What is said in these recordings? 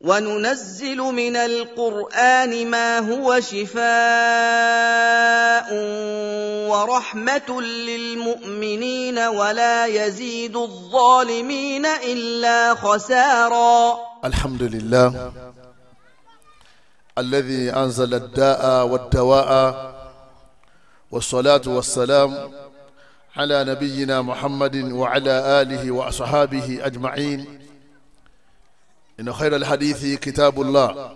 وننزل من القران ما هو شفاء ورحمه للمؤمنين ولا يزيد الظالمين الا خسارا الحمد لله الذي انزل الداء والدواء والصلاه والسلام على نبينا محمد وعلى اله واصحابه اجمعين إن خير الحديث كتاب الله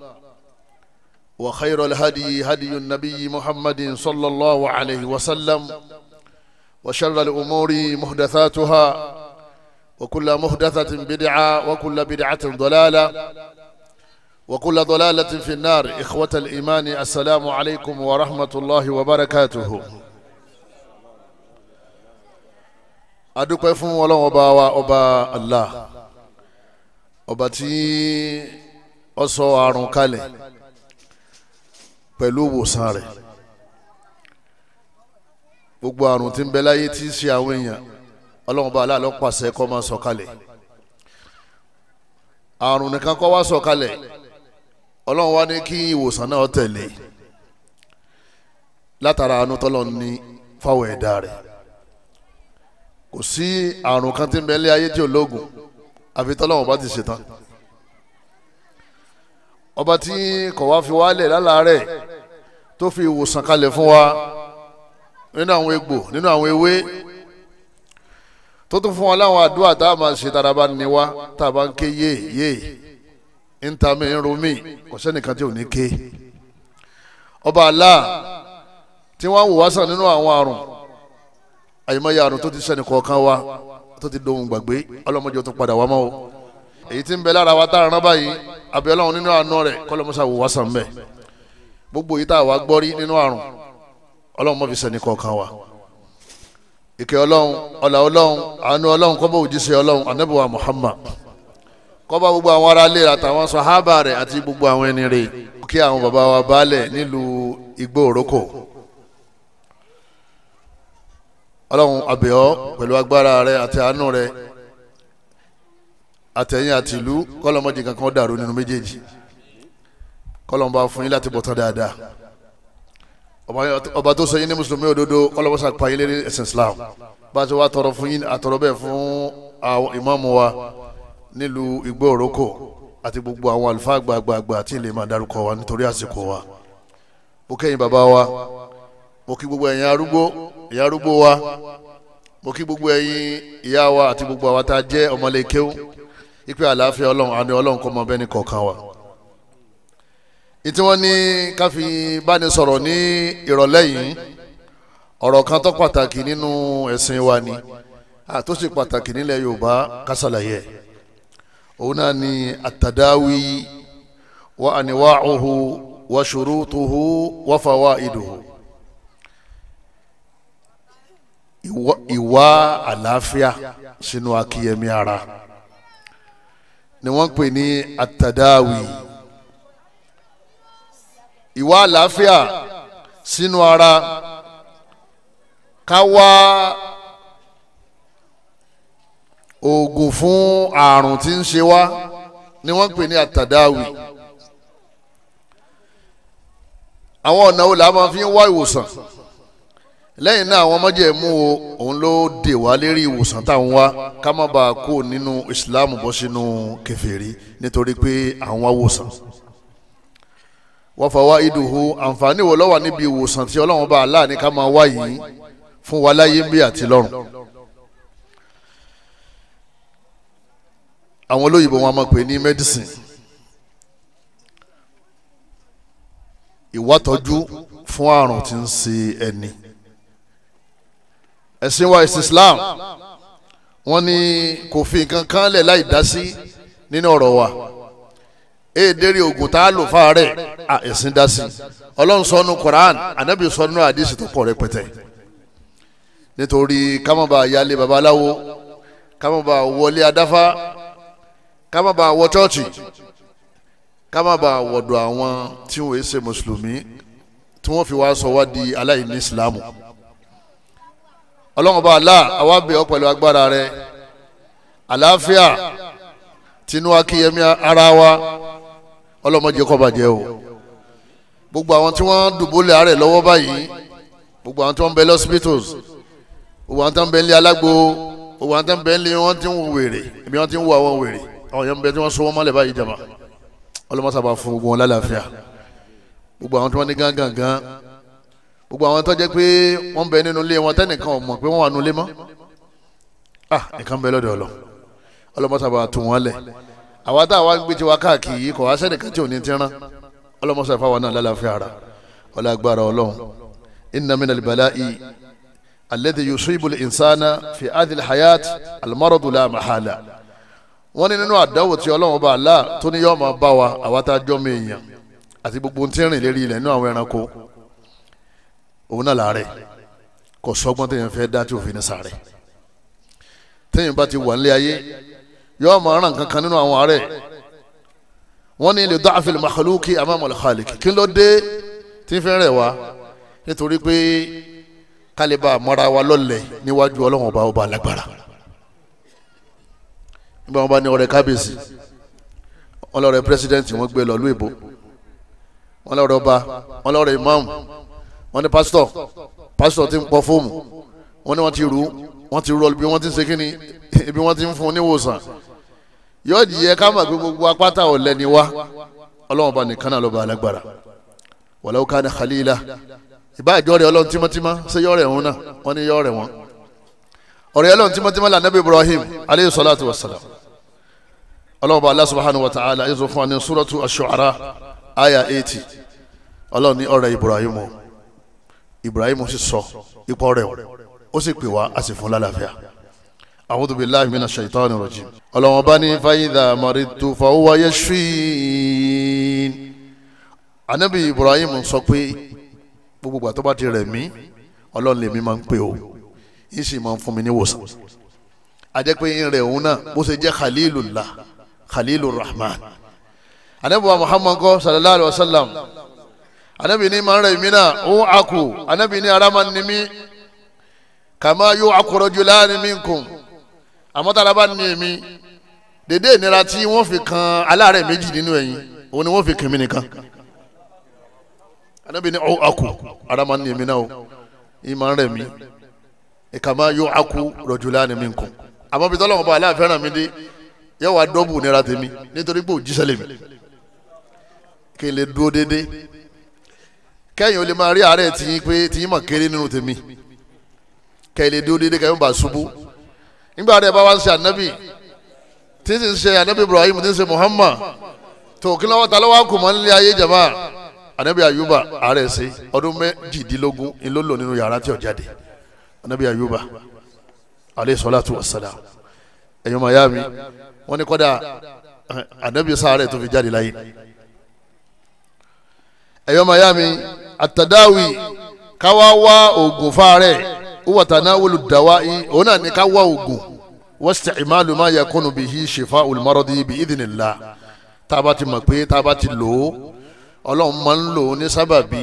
وخير الهدي هدي النبي محمد صلى الله عليه وسلم وشر الأمور محدثاتها وكل محدثة بدعة وكل بدعة ضلالة وكل ضلالة في النار إخوة الإيمان السلام عليكم ورحمة الله وبركاته أدوك فهم ولو أبا وأبا الله ọba tí ọ sọ àrùn kalẹ̀ pẹ̀lú ìwòsàn rẹ̀ gbogbo àrùn tí ń bẹ láyé tí ń ṣe àwọn èèyàn ọlọ́run bá aláàlọ́ pàṣẹ kó máa sọ kalẹ̀ àrùn nìkan kọ́ wá sọ kalẹ̀ ọlọ́run wá ní kí ìwòsàn náà tẹ̀lé látara àánú tọ́lọ́run ní fáwọn ẹ̀dá rẹ̀ kò sí àrùn kan tí ń bẹ láyé tí ò lóògùn àfi tọ́lọ́wọ́n bá ti ṣetán ọba tí kò wá fi wálẹ̀ lálàárẹ̀ tó fi ìwòsàn kalẹ̀ fún wa nínú àwọn egbò nínú àwọn ewé tó tún fún wa láwọn àdúrà tá a máa ṣe tára bá ní wa tá a bá ń ké yéè yéè níta ń romí kò sẹ́nìkan tí ò ní ké ọba Allah tí wọ́n wò wá sàn nínú àwọn àrùn àyèmọ́yé àrùn tó ti sẹ́nìkọ̀ọ̀kan wa tó ti dohun gbàgbé ọlọ́mọdé tó padà wá mọ́ o èyí tí ń bẹ lára wa tá a rán báyìí àbí ọlọ́run nínú àánú rẹ̀ kọ́lọ́mọsá wò wá sàn bẹ́ẹ̀ gbogbo yìí tá a wá gbọ́ rí nínú àrùn ọlọ́run mọ́ fi sẹ́ni kọ̀ọ̀kan wa ìkẹ́ ọlọ́run ọ̀là ọlọ́run àánú ọlọ́run kọ́bọ̀ òjíṣẹ́ ọlọ́run anábìwá Muhammad kọ́bọ̀ gbogbo àwọn ará ilé àtàwọn sàhábà rẹ̀ àti gbogbo àwọn ẹni rẹ̀ kí àwọn bàbá wa baálẹ̀ nílùú igbó òrókò ọlọ́run àbẹ̀ọ́ pẹ̀lú agbára rẹ àti àánú rẹ àtẹ̀yìn àti ìlú kọ́lọ́mọ́jì kankan dàrú nínú méjèèjì kọ́lọ́mọba fún yín láti bọ̀tán dáadáa ọba tó sọ yín ní mùsùlùmí òdodo kọ́lọ́mọ́sà pa yín lérí ẹ̀sìn Islam bá a ti wá tọrọ fún yín àtọrọ bẹ́ẹ̀ fún àwọn ìmáàmù wa nílùú Igbó Òrókò àti gbogbo àwọn àlùfáà gbàgbàgbà tí ilé máa darúkọ wa nítorí àsìkò wa mo kẹ́yìn bàbá wa mo kí gbogbo ẹ̀yin arúgbó ìyá arúgbó wa mo kí gbogbo ẹ̀yin ìyá wa àti gbogbo àwa tá a jẹ́ ọmọlẹ́kẹ́wò ipe àlàáfíà ọlọ́run àmì ọlọ́run kọ́ mọ bẹ́ẹ̀ ni kọ̀ọ̀kan wa. ìtí wọ́n ní ká fi báni sọ̀rọ̀ ní ìrọ̀lẹ́ yìí ọ̀rọ̀ kan tó pàtàkì nínú ẹ̀sìn wa ni àtó sì pàtàkì nílẹ̀ yorùbá ká òun náà ni àtàdáwí wa àníwáhùhù wa ṣùrùtùhù wa fàwáìdùhù. ìwà àlàáfíà sínú akíyẹmí ara ni wọ́n ń pè ní àtàdáwì ìwà àlàáfíà sínú ara ká wá oògùn fún àrùn tí ń ṣe wá ni wọ́n pè ní àtàdáwì àwọn ọ̀nà wo la máa fi ń wá ìwòsàn lẹ́yìn náà àwọn májẹ̀mú o òun ló dè wá lérí ìwòsàn táwọn wá ká má bàa kó nínú ìsìláàmù bọ́ sínú kèfèrí nítorí pé àwọn awòsàn wa fawaiduhu àǹfààní wo ló wà níbi ìwòsàn tí ọlọ́run bá aláàní ká máa wá yìí fún wa láyé ń bí àti lọ́run. àwọn olóyìnbó wọn a máa pè ní medicine ìwátọ́jú fún àrùn tí ń ṣe ẹni. E ẹ̀sìn wa ẹ̀sìn Islam wọ́n ní kò fi nǹkan kan lẹ̀ láì dá sí nínú ọ̀rọ̀ wa èdèrè oògùn tá a lò fáàrẹ̀ ẹ̀sìn dá sí ọlọ́run sọ́nu Quran anabi sọ́nu àdìsí tó kọ̀ rẹpẹtẹ nítorí kámọ́ba yálé babaláwo kámọ́ba wọlé adáfá kámọ́ba wọ chọ́ọ̀chì kámọ́ba wọ̀dọ̀ àwọn tí wọ́n ṣe mùsùlùmí tí wọ́n fi wá sọ wá di aláìní Islamu. Islam ọlọ́run bá aláà àwa bẹ̀ ọ́ pẹ̀lú agbára rẹ àlàáfíà tinú akíyẹmí ara wa ọlọ́mọdé kó bàjẹ́ o gbogbo àwọn tí wọ́n dùbúlẹ̀ àárẹ̀ lọ́wọ́ báyìí gbogbo àwọn tí wọ́n ń bẹ lọ́sibítọ̀s gbogbo àwọn tí wọ́n ń bẹ ní alágbo gbogbo àwọn tí wọ́n ń bẹ ní wọ́n ti ń wo wèrè ibi wọ́n ti ń wo àwọn wèrè àwọn yẹn bẹ tí wọ́n so wọ́n mọ́lẹ̀ báyìí jàmá ọlọ́mọ sábà fún gbogbo wọn lálàáfíà gbogbo àwọn tí wọ́n ní gángan gángan gbogbo àwọn tó jẹ́ pé wọ́n bẹ nínú ilé wọn tẹ́nìkan ò mọ̀ pé wọ́n wà nínú ilé mọ́ ah nìkan bẹ lọ́dọ̀ ọlọ ọlọmọsàbà tù wọ́n lẹ̀ àwa tá a wá gbé tiwa káàkiri kò wá sẹ́nìkan tí ò ní ti rán wà náà lálàáfíà ara ọlágbára ọlọ́run inna min albala'i alladhi yusibu al-insana fi adil hayat almaradu mahala wọ́n ní nínú àdáwò tí ọlọ́run bá Allah tó ní yọ́ọ́ òun náà làárẹ̀ kò sọ́gbọ́n téèyàn fẹ́ dá tí òfin ní sàárẹ̀ téèyàn bá ti wà nílé ayé yóò máa ràn kankan nínú àwọn àárẹ̀ wọ́n ní lè da'fi al-makhluqi amama al-khaliq ló dé tí ń fẹ́ rẹ̀ wá nítorí pé kálíbà mọ́ra wa lọ́lẹ̀ níwájú ọlọ́run ọba ọba alágbára nígbà wọn bá ní ọ̀rẹ́ kábíyèsí ọlọ́rẹ́ pírẹsidẹ́ǹtì wọ́n gbé lọ lóyìnbó ọlọ́rẹ́ ọba ọlọ́rẹ́ imáàmù wọ́n ní pásítọ̀ pásítọ̀ ti ń pọ fóòmù wọ́n ní wọ́n ti rú wọ́n ti rọ ibi wọ́n ti ń ṣe kíni ibi wọ́n ti ń fún níwòsàn yóò yẹ ká mọ̀ pé gbogbo apáta ọ̀lẹ́ ni wá ọlọ́wọ́n bá nìkan náà lọ́ba alágbára walau kana khalila ìbá ìjọ rẹ̀ ọlọ́run tímọ́tímọ́ ṣé yọ̀ rẹ̀ wọn náà wọ́n ní yọ̀ rẹ̀ wọn ọ̀rẹ́ ọlọ́run tímọ́tímọ́ là nàbí Ibrahim aleyhi salatu wa salam ọlọ́run bá Allah subhanahu wa ta'ala yóò fún wa ní suratu ash-shu'ara aya eighty ọlọ́run ní ọ̀rẹ́ Ibrahim o. Ibrahim sì sọ ipò rẹ̀ ó sì pè wá a sì fún lálàáfíà a'udhu billahi minash shaitani rajim ọlọ́wọ́n bá ní fayidha maritu fahuwa yashfin anabi Ibrahim sọ pé gbogbo ìgbà tó bá ti rẹ̀ mí ọlọ́run lèmi máa ń pè ó yìí sì máa ń fún mi ní wòsàn àjẹ́ pé ń rẹ̀ òun náà bó ṣe jẹ́ khalilullah khalilur rahman anabi wa muhammad sallallahu alayhi wa sallam anabi ni mara imina o aku anabi ni arama nimi kama yu akoro jula ni minkum amatalaba ni mi dede ìnira tí wọ́n fi kan aláàárẹ̀ méjì nínú ẹ̀yin òun ni wọ́n fi kàn mí nìkan anabi ni o aku arama ni mi o ima rẹ mi kama yu aku rojula ni minkum àmọ́ bí tọ́lọ́mọba aláàfẹ́ràn mi dé yẹ wàá dọ́bù nira tèmi nítorí pé òjíṣẹ́ lèmi kí n lè dúró déédéé kẹ́yìn ó lè máa rí àárẹ̀ tìyín pé tìyín mọ̀ kéré nínú tèmi kẹ́yìn lè dúró déédéé kẹ́yìn bá ṣubú nígbà rẹ̀ bá wá ń ṣe ànábì tí ń ṣe ànábì Ibrahim tí ń ṣe Muhammad tó kí lọ́wọ́ ta lọ́wọ́ kò mọ́ nílé ayé jama ànábì Ayuba àárẹ̀ ṣe ọdún méjìdínlógún ni ló lò nínú yàrá tí ó jáde ànábì Ayuba aleyhi salatu wa salam ẹ̀yin ọmọ ya mi wọ́n ní kọ́dà ànábì sáré tó fi jáde láyé ẹ̀yin ọmọ ya mi àtàdáwì káwá wá oògùn fáárẹ̀ wọ́n tàná wọlé dàwa yìí òun náà ní ká wá oògùn wọ́n sì tẹ̀sí máa lò máa yẹ kónú bí yìí ṣèfà olùmọ́rọ́dí bí ìdìnnìlá tá a bá ti mọ̀ pé tá a bá ti lò ó ọlọ́run máa ń lò ó ní sábàbí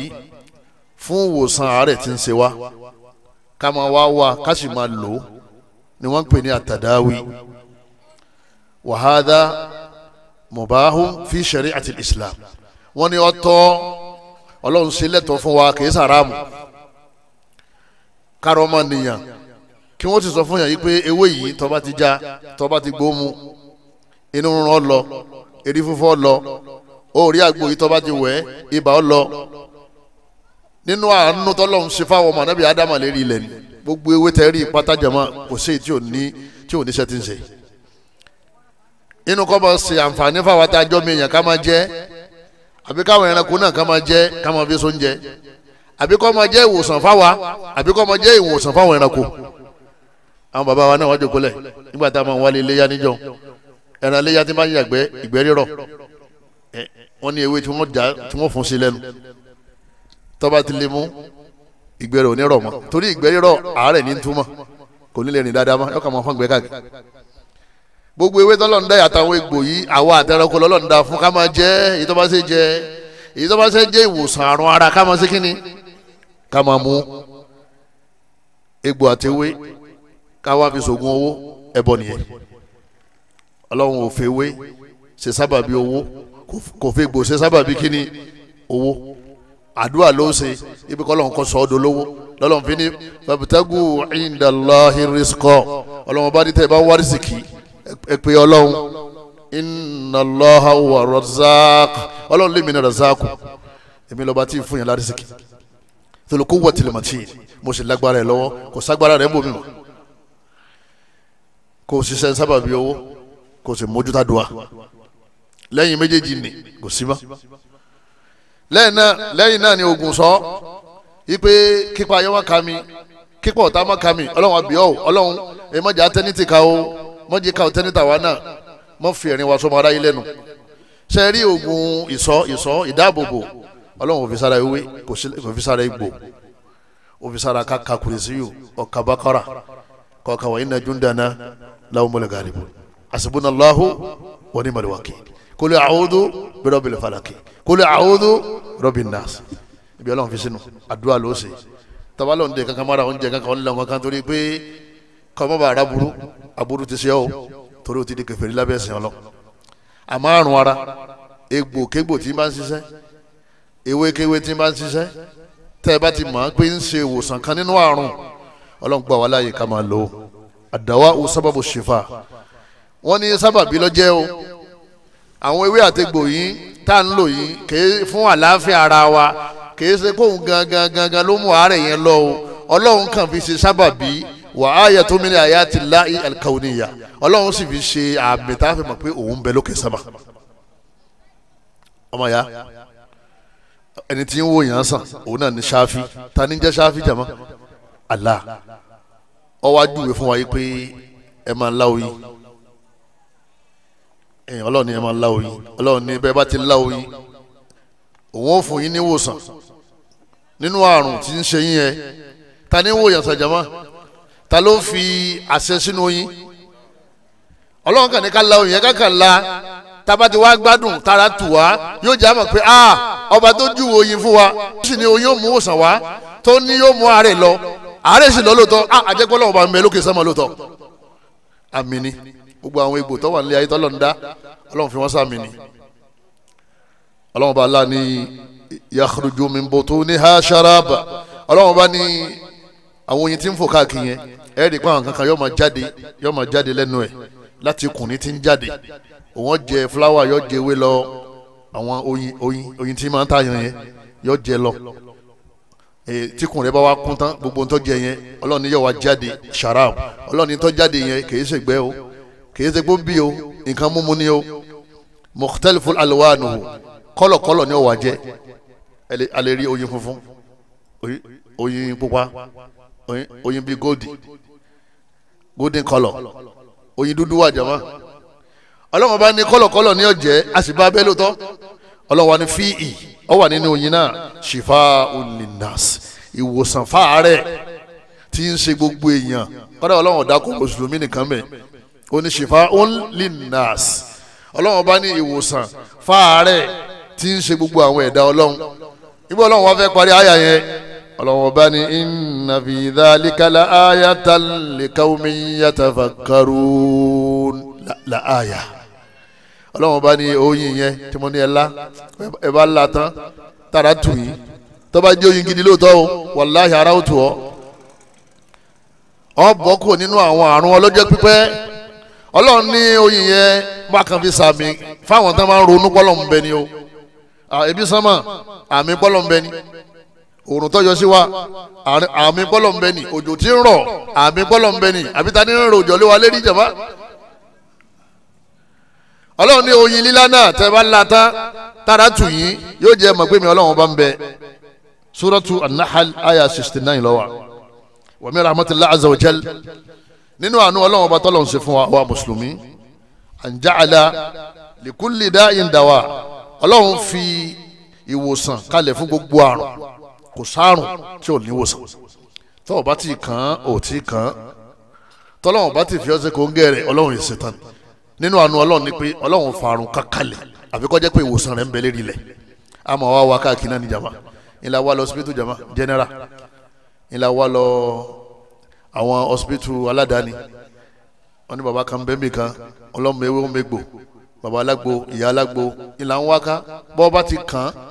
fún ìwòsàn àárẹ̀ tí ń ṣe wá ká máa wá wá ká sì máa lò ó ni wọ́n ń pè ní àtàdáwì wàhádà mubahun fi shari'ati islam wọ́n ní ọ̀tọ̀ ọlọ́run ṣe lẹ́tọ̀ fún wa kì í sàràmù kárọ̀ ọmọ nìyàn kí wọ́n ti sọ fún yàn yí pé ewé yìí tó bá ti já tó bá ti gbóòmù inú rán lọ erí fúnfọ́ lọ orí àgbo yìí tó bá ti wẹ̀ ibà ọ lọ nínú àánú tọ́lọ́run ṣe fáwọn ọmọ anábì ádámà lérí ilẹ̀ ni gbogbo ewé tẹ́ pátájàmá kò sí tí ò ní tí ò ní ṣe ti ń ṣe inú kọ́ bá ṣe àǹfààní fáwọn àtàjọ́ mi èèyàn ká máa jẹ́ àbí káwọn ẹranko náà ká máa jẹ ká máa fi sóúnjẹ àbí kó máa jẹ ìwòsàn fáwa àbí kó máa jẹ ìwòsàn fáwọn ẹranko àwọn bàbá wa náà wájú kólẹ̀ nígbà tá a máa ń wálé iléyà níjọ ẹran iléyà tí bá ń yàgbẹ́ ìgbẹ́ rírọ̀ wọ́n ní ewé tí wọ́n já tí wọ́n fún sí lẹ́nu tó ti lè mú ìgbẹ́ rẹ̀ ò ní rọ̀ mọ́ torí ìgbẹ́ rírọ̀ àárẹ̀ ní túmọ̀ kò ní lè rìn dáadáa mọ́ yọkàn gbogbo ewé tọ́lọ́n dá àtàwọn egbò yìí àwa àtẹrẹkọ lọ́lọ́n dá fún ká máa jẹ èyí tó bá ṣe jẹ èyí tó bá ṣe jẹ ìwòsàn àrùn ara ká máa ṣe kínni ká máa mú egbò àti ewé ká wá fi ṣògùn owó ẹbọ nìyẹn ọlọ́run ò fi ewé ṣe sábàbí owó kò fi egbò ṣe sábàbí kínni owó àdúrà ló ṣe ibi kọ́ lọ́run sọ ọ́ dolówó lọ́lọ́run fi ní fàbítàgù ìndàláhìrìsíkọ́ ọlọ́run bá ní tẹ́ ẹ bá ẹ pé ọlọ́run inna Allaha wa razaq ọlọ́run lèmi ní razaq èmi lọ́ba tí ì fún yẹn lárísìkì tolóko wọ tìlẹ̀mọ̀tì mo sì lágbára ẹ lọ́wọ́ kò ságbára rẹ bòmí mọ́ kò ṣiṣẹ́ sábàbí owó kò sì mójútó dùá lẹ́yìn méjèèjì ni kò sí mọ́ lẹ́yìn náà lẹ́yìn náà ni ogun sọ ipe kípa ayọ́wọ́ kami kípa ọ̀tá mọ́ kami ọlọ́run àbíọ́ ọlọ́run èèmọ̀jà tẹ́nìtì ká o mọ́jì ká òtẹ́ni tàwa náà mọ́ fi ẹ̀rín wa sọmọ aráyé lẹ́nu ṣe rí oògùn ìsọ ìsọ ìdáàbòbò ọlọ́run òfin sára ewé kò sí òfin sára egbò òfin sára kàkà kùrìsíyù ọ̀kà bákàrà kọ̀ọ̀kan wọ̀nyí náà júndàná láwọn mọ́lẹ̀ gàdìbò àṣìbùnàláhù wọ́n ní màlúwàkì kólé àwòdó bẹ́rẹ̀ ọ̀bẹ̀lẹ̀ falakì kólé àwòdó rọ́bì nàás ibi ọlọ́run fi sínú àdúrà ló ṣe tabalọ̀ ń dẹ̀ kankan mara oúnjẹ kankan ọ̀nlẹ̀ kankan torí pé kọ́mọ́ bá ara burú aburú ti ṣe ọ́ torí o ti di kèfèrí lábẹ́ ẹ̀sìn ọlọ́ àmọ́ àrùn ara egbò kégbò tí bá ń ṣiṣẹ́ ewékéwé tí bá ń ṣiṣẹ́ tẹ́ ẹ bá ti mọ̀ ọ́n pé ń ṣe ìwòsàn kan nínú àrùn ọlọ́run gbà wá láàyè ká máa lò ó àdáwà ó sábàbù ṣèfà wọ́n ní sábàbí lọ́jẹ́ o àwọn ewé àtegbò yìí tá à ń lò yìí kèé fún àlàáfíà ara wa kèé ṣe kóun gangan gangan ló mú àárẹ̀ yẹn lọ o ọlọ́run kàn fi ṣe sábàbí wà á yẹ tó mílíọ̀nù àyà ti láì alikawuniya ọlọ́run sì fi ṣe àmì tá a fi mọ̀ pé òun bẹ lókè sábà ọmọ ya ẹni tí ń wo yàn sàn òun náà ní ṣáfi ta ni jẹ́ ṣáfi jàmọ́ Allah ọwọ́ ajúwe fún wa yìí pé ẹ máa láwo yìí ẹ̀yìn ọlọ́run ni ẹ máa láwo yìí ọlọ́run ni bẹ́ẹ̀ bá ti láwo yìí òun ò fún yín níwòsàn nínú àrùn tí ń ṣe yín yẹn ta ni wo yàn sàn jàmọ́ ta ló fi àṣẹ sínú oyin ọlọ́run kàn ní ká la oyin kàkà la taba ti wá gbádùn tara tù wá yóò jẹ́ àmọ̀ pé a ah, ọba tó ju oyin fún wa ó sì ní oyin yóò mú òsàn wá tó ní yóò mú àárẹ̀ lọ àárẹ̀ sì lọ lóòótọ́ ah, a àjẹpọ̀ lọ́wọ́ lókè sọ́mọ lóòótọ́ àmì ni gbogbo àwọn egbò tó wà nílé ayé tọ́lọ́ ń dá ọlọ́run fi wọ́n sàmì ni ọlọ́run bá lá ní yakhruju min butuniha sharab ọlọ́run bá ní àwọn oyin tí ń fò káàkiri yẹn ẹ rí i pé àwọn kankan yóò máa jáde yóò máa jáde lẹ́nu ẹ̀ láti kùnrin tí ń jáde òun jẹ fúláwà yóò jẹ ewé lọ àwọn oyin oyin oyin tí máa ń tààyàn yẹn yóò jẹ lọ tí kùn rẹ bá wá kún tán gbogbo ntọ́ jẹ yẹn ọlọ́run yóò wá jáde sharab ọlọ́run tó jáde yẹn kìí ṣe gbẹ́ o kìí ṣe gbóbi o nǹkan múmu ni o mukhtaliful alwanu kọ́lọ̀kọ́lọ̀ ni ó wà jẹ́ a lè rí oyin funfun oyin pupa oyin bíi gold golden colour oyin dúdú wà jama ọlọ́wọ́n bá ní kọ́lọ̀kọ́lọ̀ ní ọ̀jẹ́ a sì bá abẹ́ lóòótọ́ ọlọ́wọ́n ní fíì ọ wà nínú oyin náà ṣìfà olinas ìwòsàn fáàárẹ̀ tí ń ṣe gbogbo èèyàn kọ́dà ọlọ́wọ́n dákò mùsùlùmí nìkan mẹ́ ó ní ṣìfà olinas ọlọ́wọ́n bá ní ìwòsàn fáàárẹ̀ tí ń ṣe gbogbo àwọn ẹ̀dá ọlọ́run ibo ọlọ́run wá fẹ́ parí àyà yẹn ọlọ́wọ́ bá ní inna fi dhalika la ayatan li qaumin yatafakkarun la aya ọlọ́wọ́ bá ní oyin yẹn tí mo ní ẹ la ẹ bá la tán tààrà tù yín tó bá jẹ́ oyin gidi lóòótọ́ o wàláhì ara ó tù ọ́ ọ bọ́ kò nínú àwọn àrùn ọlọ́jọ́ pípẹ́ ọlọ́run ní oyin yẹn wá fi sàmì fáwọn tán máa ń ronú pọ́lọ́ ń o àbí sánmà àmì pọ́lọ́ ń òòrùn tọ́jọ́ sí wa àmì bọ́lọ̀ ń bẹ ni òjò tí ń rọ̀ àmì bọ́lọ̀ ń bẹ ni àbí ta ni ń rojọ́ lé wa lé ní ìjàmbá. ọlọ́run ní oyin lílá náà tẹ́ bá la tán tára tù yín yóò jẹ́ mọ̀ pé mi ọlọ́run bá ń bẹ suratu an aya sixty nine lọ́wọ́ wa min rahmatullahi nínú àánú ọlọ́run ọba tọ́lọ̀ ń ṣe fún wa wa mùsùlùmí an ja'ala likulli ọlọ́run fi ìwòsàn kalẹ̀ fún gbogbo àrùn kò sárùn tí ò níwòsàn tọ́wọ́ bá ti kàn án ò tí kàn án tọ́lọ́wọ́n bá ti fi ọsẹ kò ń gẹ̀rẹ̀ ọlọ́run ìṣetán nínú àánú ọlọ́run ni pé ọlọ́run farun kankanlẹ̀ àfi kó pé ìwòsàn rẹ̀ ń bẹ lérí lẹ̀ àmọ́ wa wa káàkiri náà ní jama ńlá wa lọ hospital jama general ńlá wa lọ àwọn hospital aládàáni wọn ní baba kan bẹ́ẹ̀ mi kan ọlọ́run ewé wọn mi gbò baba alágbo ìyá alágbo ńlá ń wá ká bọ́ bá ti kàn án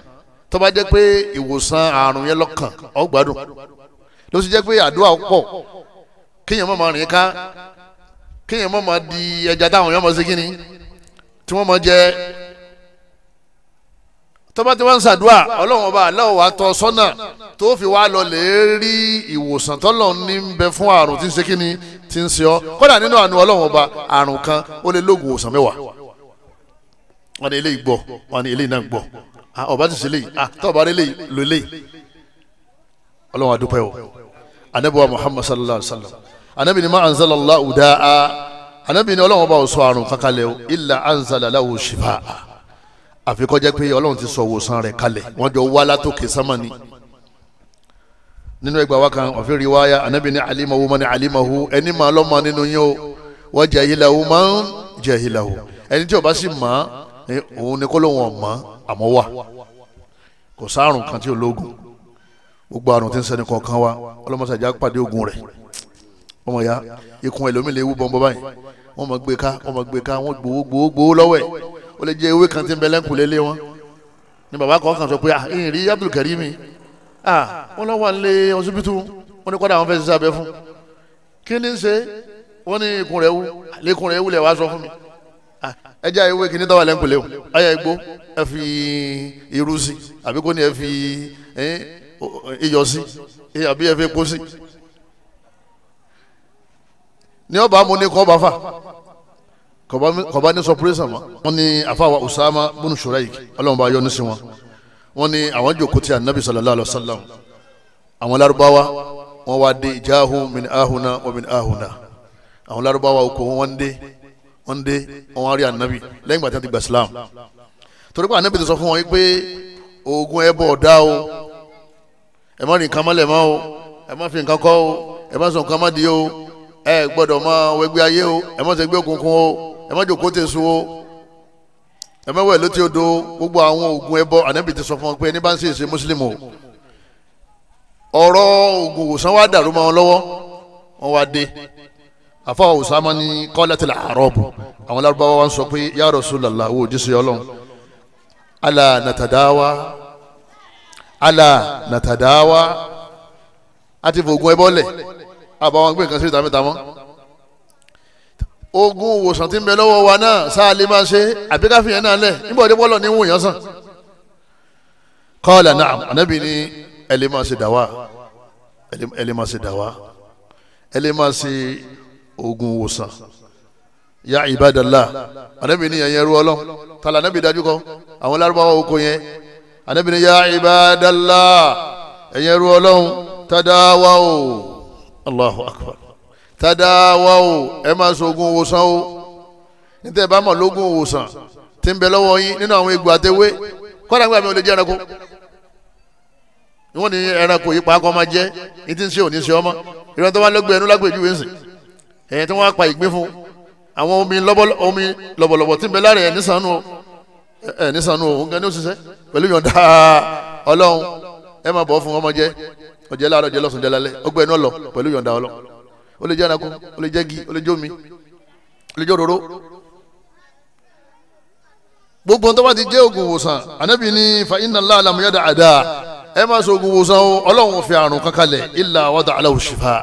tó bá jẹ́ pé ìwòsàn àrùn yẹn lọ́kàn ó gbádùn ló sì jẹ́ pé àdúrà pọ̀ kéèyàn má máa rìn ká kéèyàn má máa di ẹja táwọn yọmọ sí kínní tí wọ́n máa jẹ tó bá ti wá ń ṣàdúrà ọlọ́run ọba aláwọ̀ wa tọ́ sọ́nà tó fi wá lọ lè rí ìwòsàn tọ́lọ̀ ní ń bẹ fún àrùn tí ń ṣe kínní tí ń ṣe ọ́ kódà nínú àánú ọlọ́run ọba àrùn kan ó lé lóògùn òsàn mẹ́wàá wọn ni eléyìí gbọ́ wọn ni eléyìí náà gbọ́ Ah, ọba ti sèlè tọ́ba rẹ̀ lè lò lè ọlọ́run àdúpẹ́ o anabiwa muhammad sallallahu alaihi wa sallam anabi ni ma anzala allah udaa anabi ni ọlọ́run ọba ò sọ àrùn kankanlẹ̀ o illa anzala lahu shifa àfi kó jẹ́ pé ọlọ́run ti sọ òwòsàn rẹ̀ kalẹ̀ wọ́n jọ wá látòkè sámánì nínú ẹgbàá wa kan wáyà anabi ni alimahu mani alimahu ẹni máa lọ́mọ nínú yín o wa jahilahu man jahilahu ẹni tí ó bá sì máa òun ni kólóhùn ọ̀mọ́ àmọ́ wà kò sárùn kan tí ò lóògùn gbogbo àrùn tí ń sẹni kọ̀ọ̀kan wa ọlọ́mọsàjà pàdé ògùn rẹ̀ ọmọ ya ikùn ẹlòmíì lè wú bọ́ńbọ́ báyìí wọ́n mọ̀ gbé ká wọ́n mọ̀ gbé ká wọ́n gbowó gbowó gbowó lọ́wọ́ ẹ̀ ó lè jẹ́ ewé kan tí ń bẹ lẹ́ǹkù lé wọn ni bàbá kan kan sọ pé ah ìyìn rí Abdul Karim ah wọ́n lọ́wọ́ à ń lé ọsibítù wọ́n ní kọ́dà àwọn fẹ́ sísá abẹ́ fún kí ni ń ṣe wọ́n ní ikùn rẹ̀ wú lẹ́kùn rẹ̀ wú lẹ̀ wá sọ fún mi ẹja ìwé kìíní tọ́wà lẹ́ńkùlé o ayé igbó ẹ fi irú sí àbí kò ní ẹ fi iyọ̀ sí àbí ẹ fi epo sí. ní ọba mo ní kọ́ ọba fà kọba ní sọpúrẹ́sà mọ́ wọ́n ní àfàwà Usama bùnú Shuraik ọlọ́run bá yọ ní sí wọn wọ́n ní àwọn jòkó ti ànábì sallallahu alaihi wasallam àwọn lárúbáwá wọ́n wá dé ìjáhùn min ahùnà wa min ahùnà àwọn lárúbáwá okòwò wọ́n dé wọ́n dé wọ́n wá rí ànábì lẹ́yìn gbàtí wọ́n ti gbà Islam torí pé ànábì ti sọ fún wọn pé oògùn ẹbọ ọ̀dá o ẹ má rí nǹkan mọ́lẹ̀ mọ́ o ẹ má fi nǹkan kọ́ o ẹ má sọ nǹkan má di o ẹ gbọ́dọ̀ máa wẹgbẹ́ ayé o ẹ má ṣègbé òkùnkùn o ẹ má jòkó tèṣu o ẹ má wẹ̀ ló ti odo gbogbo àwọn oògùn ẹbọ ànábì ti sọ fún wọn pé ẹni bá ń ṣe ìṣe mùsùlùmí o ọ̀rọ̀ oògùn òsán wa dàrú mọ́ wọn lọ́wọ́ wọn wá dé afa usama ni qalatil arab àwọn Lárúbáwá wa sọ pé ya Rasulullah wo jísé Ọlọ́run ala natadawa ala natadawa àti fògùn ẹbọ lẹ àbáwọn gbé nǹkan sí ìta mẹ́ta mọ oògùn òwòsàn tí ń bẹ lọ́wọ́ wa náà sáà lè máa ṣe àbí káfíń náà lẹ̀ níbo ọdẹ bọ́lọ̀ ní wù yàn sàn. qala na'am ànábì ní ẹ lè máa oògùn ìwòsàn ya ibadallah anabi ni yẹn ru ọlọ tala anabi dájú kọ àwọn Lárúbáwá oko yẹn anabi ni ya ibadallah ẹyẹ ru Ọlọ́run tadawawo allahu akbar tadawawo ẹ máa sọgùn wòsàn o níta ẹ bá mọ lógùn wòsàn tí ń bẹ lọ́wọ́ yín nínú àwọn egbò àtẹwé kọ́dà nígbà mi ò lè jẹ ẹranko níwọ̀n ni ẹranko yìí pàákọ́ máa jẹ́ ní ti ń ṣe òní ṣe ọmọ ìrántí wọn lọ́gbẹ̀ẹ́ ẹnu lágbèjúwe ń sìn ẹ̀yìn tí wọ́n á pa ìgbín fún àwọn omi lọ́bọ̀lọ́bọ̀ tí ń bẹ lára ẹ̀ nísànú ẹ̀ nísànú òun gan ni ó ṣiṣẹ́ pẹ̀lú yọ̀ǹda ọlọ́run ẹ máa bọ̀ fún ọmọ jẹ ọjẹ láàárọ̀ ọjẹ lọ́sùn jẹlálẹ́ ọgbẹ́ inú ọlọ pẹ̀lú yọ̀ǹda ọlọ ó lè jẹ́ ẹranko ó lè jẹ́ gi ó lè jẹ́ omi ó lè jẹ́ òróró gbogbo tó bá ti jẹ́ oògùn ìwòsàn ànábì ní fa inna Allah lam yada ada ẹ máa sọ oògùn ìwòsàn ọlọ́run fi àrùn kankanlẹ̀ illa wada alahu shifa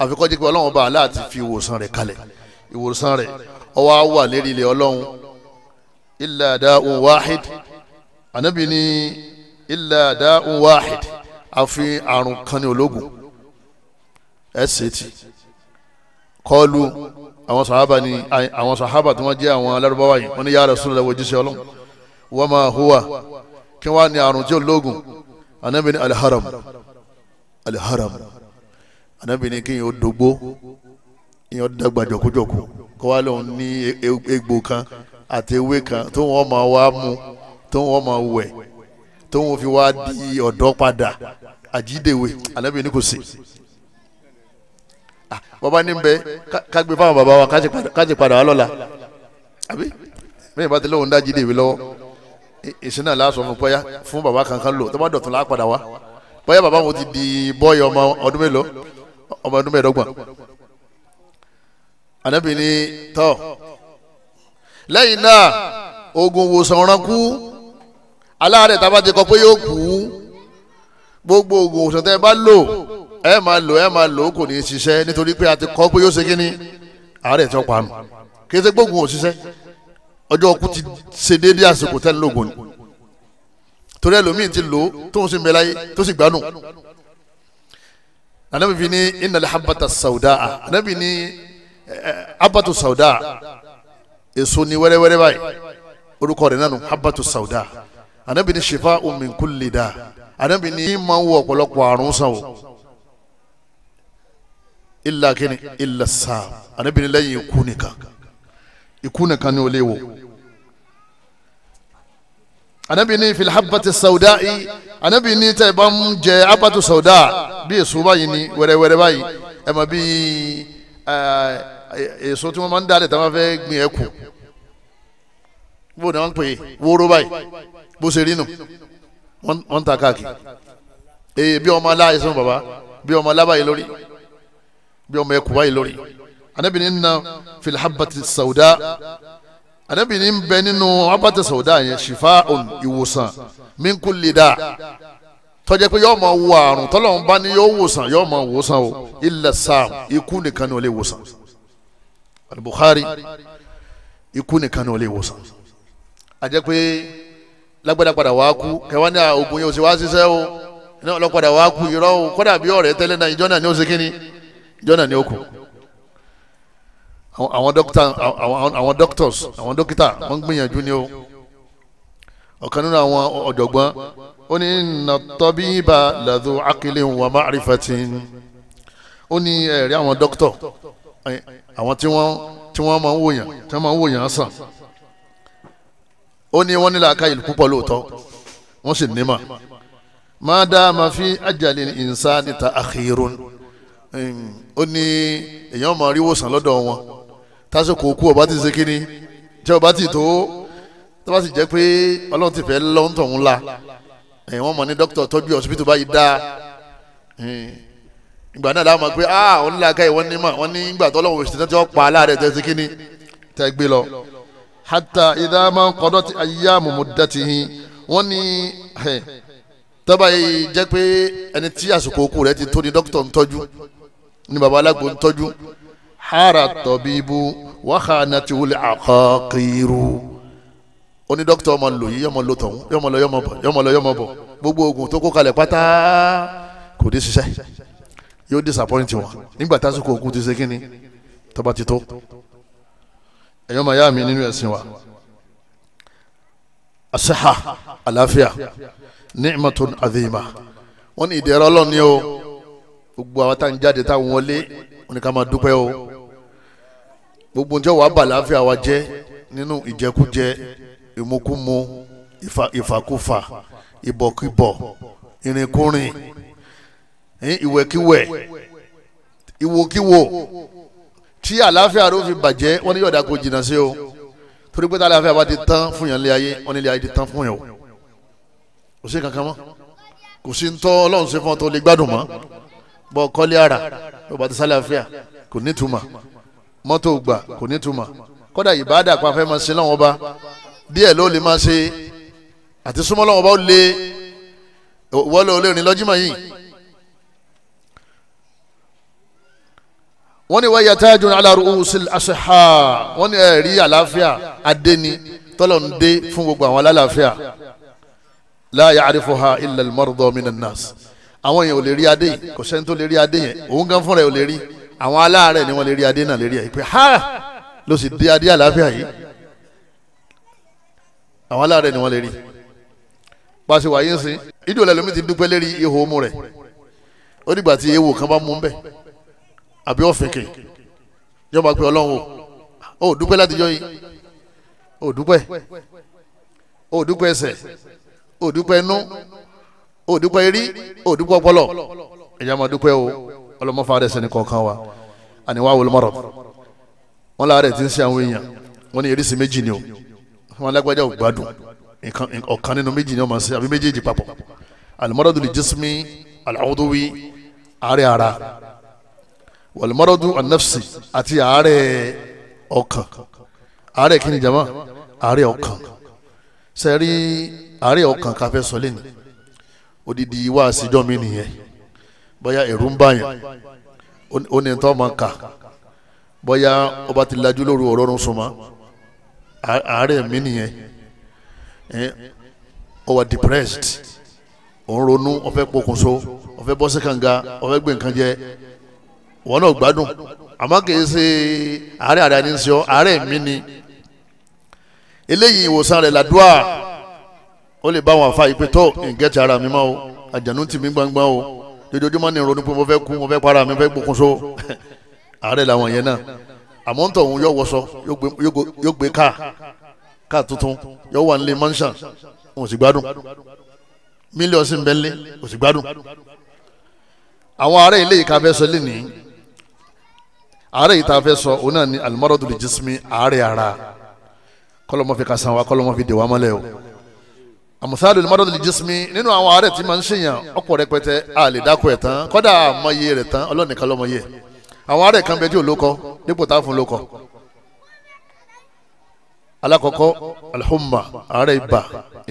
àfikọ́ jẹ́ pé ọlọ́run bá aláàtì fi ìwòsàn rẹ̀ kalẹ̀ ìwòsàn rẹ̀ ọwọ́ á wà lérí ilẹ̀ ọlọ́run illa da'un wahid ànábì ní illa da'un wahid àfi àrùn kan ní ológun ẹ̀sẹ̀ tì kọlu àwọn sàhábà ni àwọn sàhábà tí wọ́n jẹ́ àwọn alárúbáwá yìí wọ́n ní ya Rasulullah ojúṣe ọlọ́run wa ma huwa kí wọ́n á ní àrùn tí ológun ànábì ní alharam alharam ànábì ní kéèyàn ó dogbó kéèyàn dàgbà jọkújọkú kó wá lóun ní egbò kan àti ewé kan tó wọ́n máa wá mu tó wọ́n máa wẹ̀ tó wọ́n fi wá di ọ̀dọ́ padà àjídèwé ànábì ní kò sí bàbá ní bẹ kágbé fáwọn bàbá wa kájí padà wá lọ́la àbí bẹ́ẹ̀ bá ti lóun dá jídèwé lọ́wọ́ ìsìn lásán fún bóyá fún bàbá kankan lò tó bá dọ̀tún láà padà wá bàbá wọn ti di bọ́ọ̀yì ọmọ ọdún mélòó ọmọ ọdún mẹ́ẹ̀ẹ́dọ́gbọ̀n ànábì ní tọ́ lẹ́yìn náà oògùn ìwòsàn ránkú aláàárẹ̀ tá a bá ti kọ pé yóò kú gbogbo oògùn ìwòsàn tẹ́ ẹ bá lò ẹ máa lò ẹ máa lò kò ní í ṣiṣẹ́ nítorí pé a ti kọ pé yóò ṣe kíni àárẹ̀ tí wọ́n pa nù kí ẹ ṣe gbóògùn òṣìṣẹ́ ọjọ́ ọkú ti ṣe déédéé àsìkò tẹ́lẹ̀ lóògùn torí ẹlòmíì ti lò ó tóun sì mẹ́láyé tó sì gbádùn anabi fi ni inali habata sauda anabi ni eh, eh, habatu sauda èso ni wẹ́rẹ́wẹ́rẹ́ báyìí orúkọ rẹ̀ nánu habatu sauda anabi ni shifa min kulli da anabi ni máa ń wọ ọ̀pọ̀lọpọ̀ àrùn sàn o illa kini illa sa anabi ni lẹ́yìn ikú nìkan ikú nìkan ni ó anabi ní fil habati sauda yi anabi ní tẹ ẹ bá ń jẹ abatu sauda bí èso báyìí ni wẹrẹwẹrẹ báyìí ẹ mọ bí èso tí wọn máa ń dálẹ tí wọn fẹ́ gbìn ẹ kù bó ni wọn pè é wóró báyìí bó ṣe wọn ta káàkiri ee bí ọmọ aláyé sọ baba bí ọmọ alábàyè lórí bí ọmọ ẹkù báyìí lórí anabi ní na fil habati sauda anabi ní bẹ nínú abata sọ̀dá yẹn ṣìfà ìwòsàn min kulli da tọ́jẹ́ pé yọ́ọ́ máa wo àrùn tọ́lọ́run bá ní yóò wòsàn yọ́ọ́ máa wòsàn o illa sam ikú nìkan ni ó lè wòsàn al-Bukhari ikú nìkan ni ó lè wòsàn àjẹ́ pé lágbádá padà wá kú kẹwàá ní oògùn yóò ṣe wá ṣiṣẹ́ o iná ọlọ́padà wá kú irọ́ o kọ́dà bí ọ̀rẹ́ tẹ́lẹ̀ náà ìjọ náà ni ó ṣe kíni ìjọ náà ni ó kù àwọn dókítà àwọn doctors àwọn dókítà wọ́n gbìyànjú ni o ọ̀kan nínú àwọn ọ̀jọ̀gbọ́n ó ní inna tabiba ladhu aqlin wa ma'rifatin ó ní ẹ̀rí àwọn dókítà àwọn tí wọ́n tí wọ́n máa ń wòyàn tí wọ́n máa ń wòyàn sàn ó ní wọ́n ní làákàyè púpọ̀ lóòótọ́ wọ́n sì ní mà má dáama fi ajalil insani ta'khirun ó ní èèyàn máa rí wòsàn lọ́dọ̀ wọn tásìkò kú ọba ti ṣe kínní jẹ́ ọba ti tó tó bá sì jẹ́ pé ọlọ́run ti fẹ́ lọ́ńtọ̀ ńlá ẹ̀ wọ́n mọ̀ ní dókítà tọ́jú hospital báyìí dáa ìgbà náà láwọn mọ̀ pé ah òun làákà ìwọ́n ní mọ̀ wọ́n ní ìgbà tó lọ́wọ́ òṣìṣẹ́ tí wọ́n pa aláàrẹ̀ tẹ́ sí kínní tẹ́ gbé lọ. hatta idha man qadat ayyamu muddatihi wọ́n ní tọ́ba yìí jẹ́ pé ẹni tí àsìkò òkú rẹ̀ ti tó ni dókítà ń tọ́jú ni baba alágbo ń tọ́jú hara الطبيب wàhánà tí wọ́n lè àkọ́kìrù oní dókítà ọmọ lò yìí yọmọ lò tọ̀hún yọmọ lọ yọmọ bọ̀ yọmọ lọ yọmọ bọ̀ gbogbo oògùn tó kó kalẹ̀ pátá kò dé ṣiṣẹ́ yóò disappoint wọn nígbà tásìkò oògùn ti ṣe kínni tọ́ba ti tó ẹ̀yọ́ màá yá mi nínú ẹ̀sìn wa asaha àlàáfíà ni'matun adhima wọ́n ní ìdẹ̀rọ̀ ọlọ́ni o gbogbo àwọn táwọn jáde táwọn wọlé wọn dúpẹ́ o gbogbo njẹ́ wàá bà láàfin àwa jẹ́ nínú ìjẹkújẹ ìmukúmu ìfàkúfà ìbọ̀kíbọ̀ ìrìnkúrìn ìwẹ̀kíwẹ̀ ìwòkíwò tí àlàáfíà ló fi bàjẹ́ wọ́n ní yọ̀dà kò jìnnà sí o torí pé tàlàáfíà bá ti tán fún yàn lé ayé wọ́n ní lé ayé ti tán fún yàn o kò sí kankan mọ́ kò sí ń tọ́ ọlọ́run ṣe fún ọ tó lè gbádùn mọ́ bọ́ kọ́lé ara yóò bá ti sálàáfíà kò nítumọ̀ mọ́tò gbà kò ní túmọ̀ kódà ìbáàdà pa fẹ́ máa ṣe lọ́wọ́ bá díẹ̀ ló lè máa ṣe àti súnmọ́ lọ́wọ́ bá ó lé wọ́n lọ́ọ́ lè rìn lọ́jímọ̀ yìí. wọ́n ní wáyà tájú ní aláàrú usil aṣèhà wọ́n ní ẹ̀rí àlàáfíà adéni tọ́lọ̀ ń dé fún gbogbo àwọn alálàáfíà la ya'rifuha illa al-marda min an àwọn èèyàn ò lè rí adé kò sẹ́ni tó lè rí adé yẹn òun gan fúnra ẹ̀ ò àwọn aláàárẹ̀ ni wọ́n lè rí adé náà lérí ẹ̀ pé ha ló sì dé adé àlàáfíà yìí àwọn aláàárẹ̀ ni wọ́n lè rí pàṣẹ wàyí ń sìn ìdò lẹ́lómi ti dúpẹ́ lérí ihò omu rẹ̀ ó dìgbà tí ewu kan bá mú bẹ́ẹ̀ àbí ọ̀fẹ̀kẹ̀ yọba pé ọlọ́run o ò dúpẹ́ láti jọ yìí o ò dúpẹ́ o ò dúpẹ́ ẹsẹ̀ o ò dúpẹ́ inú o ò dúpẹ́ eré o ò dúpẹ́ ọpọlọ ẹ̀yà máa dúpẹ́ o ọlọ́mọ́fà rẹ̀ sẹ́ni kọ̀ọ̀kan wa àníwá wọlọ́mọ́rọ̀ wọn láàárẹ̀ ti ń ṣe àwọn èèyàn wọn ní eréṣin méjì ni o wọn lágbájá ò gbádùn ọ̀kan nínú méjì ni wọn máa ń ṣe àbí méjèèjì papọ̀ alimọ́rọ́dù lè jésùmí aláwọ̀dọ́wí àárẹ̀ ara wọlọ́mọ́rọ́dù anafsi àti àárẹ̀ ọkàn àárẹ̀ kí ni jama àárẹ̀ ọkàn sẹ́rí àárẹ̀ ọkàn káfẹ́ sọ lẹ́nu odidi wá àṣìjọ́ mi nìyẹn bóyá ẹ̀rù ń báyàn ó ní tó máa kà bóyá ọba ti lajú lóru ọ̀rọ̀run sùnmọ́ àárẹ̀ mi nìyẹn ó wà depressed ó ń ronú ó fẹ́ pokùnso ó fẹ́ bọ́ sí kànga ó fẹ́ gbé nǹkan jẹ wọn náà gbádùn àmọ́ kìí ṣe àárẹ̀ àrẹ ni ń ṣe ọ́ àárẹ̀ mi ni eléyìí ìwòsàn rẹ̀ làdúà ó lè bá wọn àfa ìpẹ́tọ́ ìgẹ́tì ara mi máa o àjànú tì mí gbangba o dojoojúmọ́ ni ronú pé mo fẹ́ kú mo fẹ́ para mi fẹ́ gbókunso àárẹ̀ làwọn yẹn náà àmọ́ ntọ̀ òun yóò wọṣọ yóò gbé káà káà tuntun yóò wà nílé mansion òun sì gbádùn mílíọ̀nù sì ń bẹ́ńlé òun sì gbádùn àwọn àárẹ̀ ilé yìí ká fẹ́ sọ lénìí àárẹ̀ yìí tá a fẹ́ sọ òun náà ni alimọ́rọ́dúnrún jísímì àárẹ̀ ara kọ́lọ́mọ́ fi ka wa kọ́lọ́mọ́ fi dè wá mọ́lẹ̀ o àmùsáàlù lùmọ́dọ̀ lè jísmi ninu àwọn àárẹ̀ tí máa ń ṣèyàn ọ̀pọ̀ rẹpẹtẹ a lè dákọ̀ ẹ̀ tán kọ́dà àmọye rẹ̀ tán ọlọ́nìkan lọ́mọye àwọn àárẹ̀ kan bẹ tí ò lókọ dípò tá a fún lókọ. alákọ̀ọ́kọ́ alhumma àárẹ̀ ibà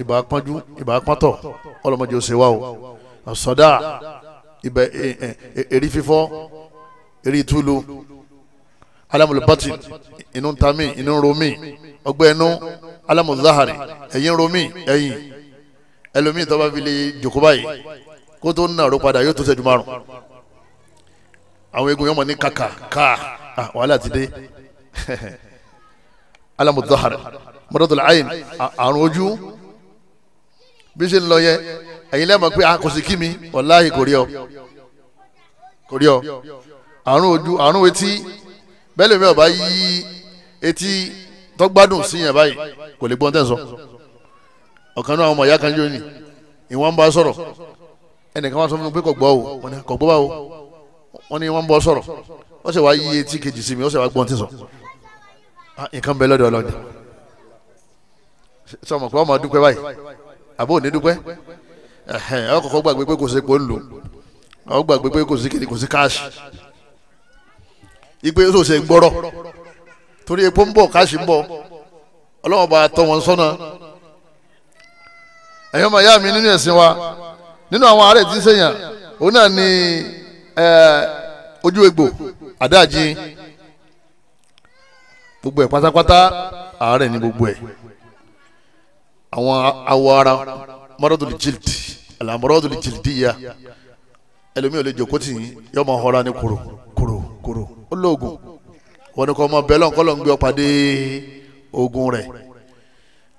ibà pọ́njú ibà pọ́ntọ̀ ọlọ́mọdé ó ṣe wá o àsọdá ibà èrí e, e, e, fífọ́ èrí túlu alamulubati inú ntami inú romi ọgbẹ́ inú alamuzahari ẹ̀yìn romi ẹ̀yìn ẹlòmíì tó bá fi lè jòkó báyìí kó tó ń nàró padà yóò tó ṣẹ́jú márùn àwọn eegun yọmọ ní kàkà ká wàhálà ti dé alamudahara mọdọdọlá ayin àrùn ojú bí ṣe ń lọ yẹ ẹ̀yin lẹ́mọ̀ pé a ah, kò sí kí mi wàláhì kò rí ọ kò rí ọ àrùn ojú àrùn etí bẹ́ẹ̀ lèmi ọba yí etí tọ́gbádùn sí yẹn báyìí kò lè gbọ́n tẹ̀sán. ọ̀kan náà ọmọ ìyá kan yóò ní ìwọ́n ń wá sọ fún mi pé kò gbọ́ o wọ́n ní kò gbọ́ báwo kejì sí mi ó sì wá gbọ́n sọ ah, nǹkan bẹ lọ́dọ̀ ọlọ́dẹ sọ ma pé ọmọ dúpẹ́ báyìí àbó òní dúpẹ́ gbàgbé pé kò sí epo gbàgbé pé kò sí kò sí gbọ́rọ̀ torí epo ń bọ̀ ń bọ̀ bá tọ́ ẹ̀yin ọmọ ìyá mi nínú ẹ̀sìn wa nínú àwọn àárẹ̀ tí ń ṣèyàn òun náà ni ojú egbò àdáàjì gbogbo ẹ̀ pátápátá àárẹ̀ ni gbogbo ẹ̀ àwọn awọ ara mọ́rọ́dúnlì jìlìdì àlàmọ́rọ́dúnlì jìlìdì ya ẹlòmíì ò lè jòkó tì yín yọ máa họra ní kòrò kòrò kòrò ó lóògùn wọn ni kò mọ bẹ́ẹ̀ lọ́nkọ́ lọ́n gbé ọ pàdé oògùn rẹ̀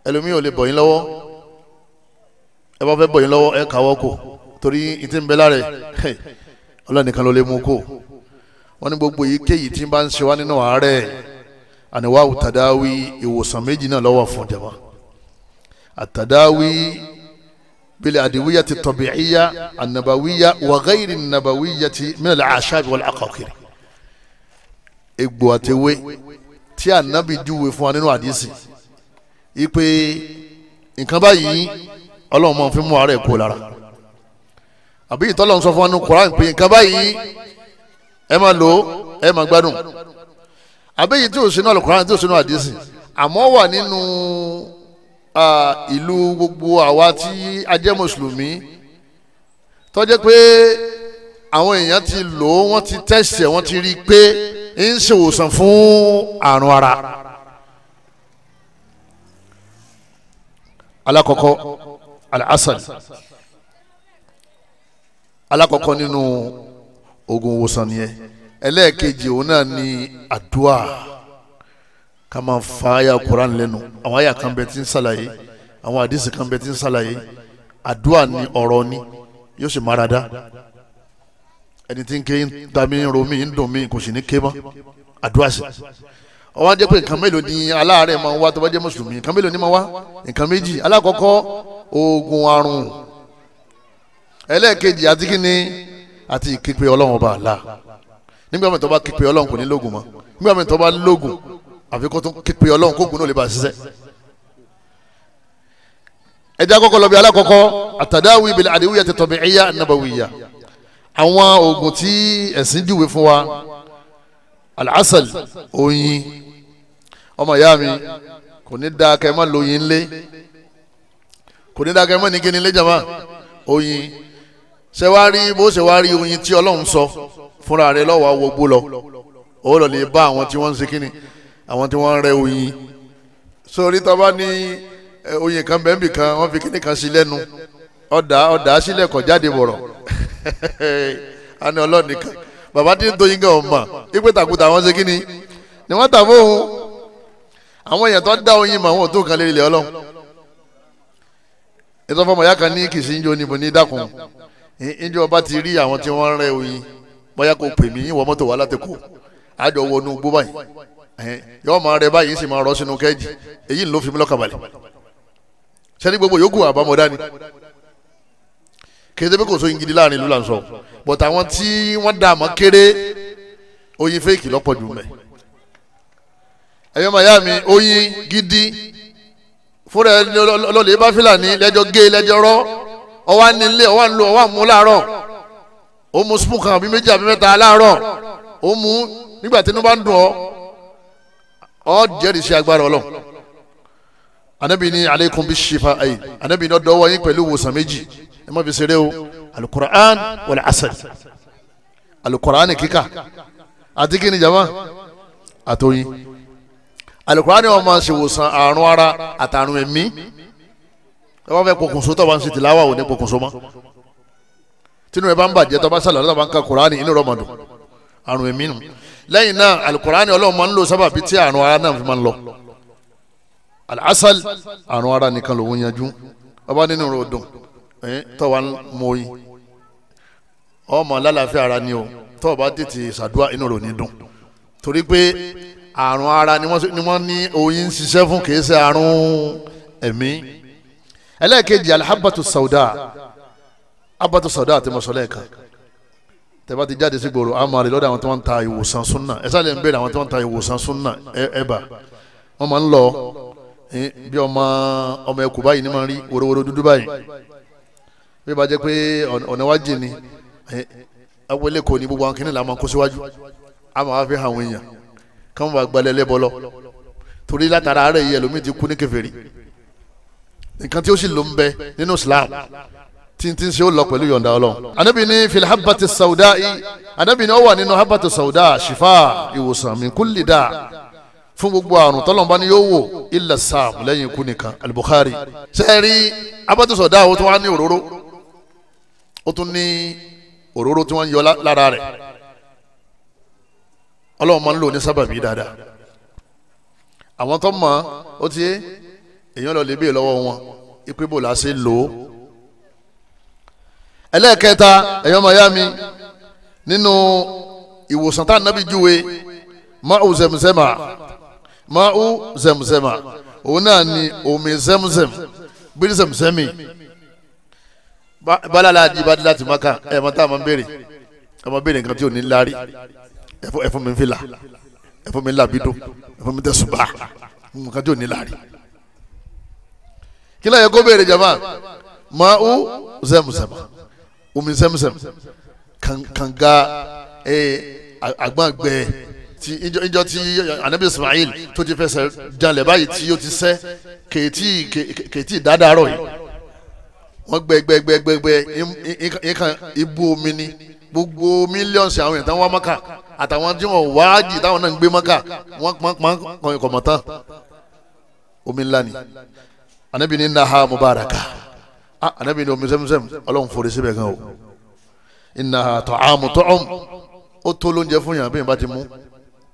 ẹlòmíì ò lè bọ̀ yín lọ́wọ́ ẹ bá fẹ́ bọ̀ yín lọ́wọ́ ẹ kàwọ́ kò torí ìtì ń bẹ lára ẹ ọlọ́run nìkan ló lè mú kó wọ́n ní gbogbo yìí kéyìí tí ń bá ń ṣe wá nínú àárẹ̀ àníwá àtàdáwí ìwòsàn méjì náà lọ́wọ́ fún jama àtàdáwí bílẹ̀ àdìwíyà ti tọ̀bìíyà ànàbàwíyà wàgáyìrì nàbàwíyà ti mílẹ̀ àṣàbí wọlé àkọ́kiri egbò àtẹwé tí ànábì júwe fún wa nínú àdìsí ipe nǹkan báyìí ọlọ́run máa fi mú ara ẹ̀ kó lára àbí ìtọ́lọ̀ ń sọ fún wa ní koran pé nǹkan báyìí ẹ máa lò ó ẹ máa gbádùn àbí èyí tí ò sínú alukoran tí ò sínú àdìsí àmọ́ wà nínú ìlú gbogbo àwa tí a jẹ́ mùsùlùmí tó jẹ́ pé àwọn èèyàn ti lò ó wọ́n ti tẹ̀sẹ̀ wọ́n ti rí i pé ń ṣèwòsàn fún àrùn ara alákọ̀ọ́kọ́ al-asal alakọ̀kọ́ nínú oògùn ìwòsàn nìyẹn ẹlẹ́ẹ̀kejì òun náà ni àdúà ká máa fa àyà Qur'an lẹ́nu àwọn àyà kan bẹ ti ń ṣàlàyé àwọn àdìsí kan bẹ ti ń ṣàlàyé àdúà ni ọ̀rọ̀ ni yóò sì mára dá ẹni tí ń ké ń dami ń romi ń dùn mí kò sì ní ké mọ́ àdúà sí ọwọ́ á jẹ́ pé nǹkan mélòó ni aláàárẹ̀ máa ń wá tó bá jẹ́ mùsùlùmí nǹkan mélòó ni máa wá nǹkan méjì alákọ̀ọ́kọ́ oògùn àrùn ẹlẹ́ẹ̀kejì àti kíni àti ìképe ọlọ́run ọba àlá nígbà mẹ́tọ́ bá képe ọlọ́run kò ní lóògùn mọ́ nígbà mẹ́tọ́ bá lóògùn àfi kó tún képe ọlọ́run kóògùn náà lè bá ṣiṣẹ́ ẹja kọ́kọ́ lọ bí alákọ̀ọ́kọ́ àtàdáwì ìbílẹ̀ ọmọ ìyá mi kò ní da kẹ́ mọ́ lóyin ńlé kò ní da kẹ́ mọ́ ní kíni ńlé jàmá oyin ṣe wá rí bó ṣe wá rí oyin tí ọlọ́run sọ fúnra rẹ lọ́wọ́ àwògbó lọ ó lọ lè bá àwọn tí wọ́n ń ṣe kíni àwọn tí wọ́n ń rẹ oyin sórí tó ní oyin kan bẹ́ẹ̀ bì kan wọ́n fi kíni kan sí lẹ́nu ọ̀dà ọ̀dà sílẹ̀ kọ̀ jáde bọ̀rọ̀ àni ọlọ́ọ̀nì kan bàbá tí ń toyin gan ọ̀ mà ìpè tàkùtà wọn ṣe kíni ni wọ́n tà fóun àwọn èèyàn tó dá oyin mọ àwọn òtún kan lè lè ọlọ́run ìtọ́ fọmọ ìyá kan ní kìsì ńjọ níbo ní dákun ńjọ ọba ti rí àwọn tí wọ́n ń rẹ oyin bóyá kò pè mí ìwọ mọ́tò wà láti kó àjọ wọnú gbó báyìí yọọ máa rẹ báyìí sì máa rọ sínú kẹ́ẹ̀jì èyí ló fi mí lọ́kàbalẹ̀ sẹ́ni gbogbo yòókù àbámọ́dá ni kéde pé kò sóyin gidi láàrin ìlú là ń sọ bọ̀t àwọn tí wọ́n dà mọ́ kéré oyin fẹ́ẹ̀kì lọ́pọ̀ jù mẹ́ ẹ̀yọ́ màyá mi oyin gidi fúnra ẹni ọlọ́lẹ̀ bá fìlàní lẹ́jọ́ gé lẹ́jọ́ rọ́ ọwọ́ nílé ọwọ́ nílò ọwọ́ mú láàárọ̀ ó mu spoon kan àbí méjì àbí mẹ́ta láàárọ̀ ó mu nígbà tí inú bá ń dùn ọ́ ọ́ jẹ́rìí sí agbára ọlọ́ anabi ni aleikum bi shifa ayi anabi ni ọdọ wọnyi pẹ̀lú wòsàn méjì ẹ má fi ṣeré o alukura'an wal asad alukura'an kíkà àti kí jama àtọyin alukurani wọn máa ń ṣe wòsàn àrùn ara àtàrùn ẹ̀mí tọ́wọ́ fẹ́ pokùnso tọ́wọ́ ń ṣe tìláwà ò ní pokùnso mọ́ tínú ẹ bá ń bàjẹ́ tọ́ba sàlàyé tọ́ba ń ka kurani inú rọ̀ mọ̀dún àrùn ẹ̀mí nù lẹ́yìn náà alukurani ọlọ́run máa ń lò sábàbí tí àrùn ara náà fi máa ń lọ alasal àrùn ara nìkan lòun yanjú ọba nínú rẹ̀ dùn tọ́wọ́ ń mọ ọmọ lálàáfíà ara ni o tọ́wọ́ bá tètè ṣàdúrà inú rẹ̀ ò ní dùn torí pé àrùn ara ni wọ́n ní oyin ṣiṣẹ́ fún kì í ṣe àrùn ẹ̀mí ẹlẹ́ẹ̀kejì alhabatu sauda abatu sauda àti mọ̀sọ̀lẹ́ kan tẹ́bá ti jáde sí gbòòrò amari lọ́dọ̀ àwọn tí wọ́n ń ta ìwòsàn súnà ẹ sáré ń béèrè àwọn tí wọ́n ń ta ìwòsàn súnà ẹ bá wọ́n máa ń lọ bí ọmọ ọmọ ẹkù báyìí ní máa ń rí wòrowòro dúdú báyìí bí ó bá jẹ́ pé ọ̀nà wájì ni awolé kò ní gbogbo àwọn kìnnìún làwọn kó síwájú àmọ́ wá fi hàn wọ́n kàn wà gbalẹ̀ lẹ́bọ̀lọ́ torí látara ara yìí ẹlòmíì ti kú ní kèfèrí nǹkan tí ó sì ló ń bẹ nínú Islam tíntín ṣe ó lọ pẹ̀lú yọ̀ǹda ọlọ́run. anabi ni fil habati sauda yi anabi ni ó wà nínú habati sauda shifa ìwòsàn min kulli da fún gbogbo àrùn tọ́lọ́mọba ni yóò wò illa sam lẹ́yìn ikú nìkan al sẹ́ẹ̀rí habati sauda ó tún wá ní òróró ó tún ní òróró tí wọ́n ń yọ lára rẹ̀ ọlọ́run máa ń lò ní sábàbí dáadáa àwọn tó mọ̀ ó ti èèyàn lọ lè béè lọ́wọ́ wọn ipe bò láṣẹ lò ó ẹlẹ́ẹ̀kẹta ẹ̀yọ́ mayami nínú ìwòsàn tá a nábì júwe máa zẹmzẹmà máa zẹmzẹmà òun náà ni omi zẹmzẹm bírí zẹmzẹmì balala adibadila tìmaka ẹ̀ mọ́ta àmọ́ béèrè àmọ́ béèrè nǹkan tí ò ní lárí ẹ fún mi fìlà ẹ fún mi làbídó ẹ fún mi tẹ̀sùbà nǹkan tí ò ní láàrin. kí lóye kó béèrè jama máa ń zẹmùzẹm omi zẹmùzẹm kànga àgbàgbẹ ti ìjọ ti anabi ismail tó ti fẹsẹ̀ jalè báyìí tí yóò ti sẹ́ kèétí kèétí dáadáarọ̀ yìí wọ́n gbẹgbẹgbẹgbẹ nǹkan ibu omi ni gbogbo mílíọ̀nù àwọn èèyàn tán wá mọ́kà àtàwọn tí wọn wá jì táwọn náà ń gbé mọ́kà wọ́n pọ́npọ́n kọ̀yìn kọ̀mọ̀ tán omi ńlá ni anabi ni nnaha mubaraka ah anabi ni omi sẹ́mùsẹ́mù ọlọ́run forí síbẹ̀ gan o innaha ta'amu ta'am ó tó lóúnjẹ fún yàn bí yàn bá ti mú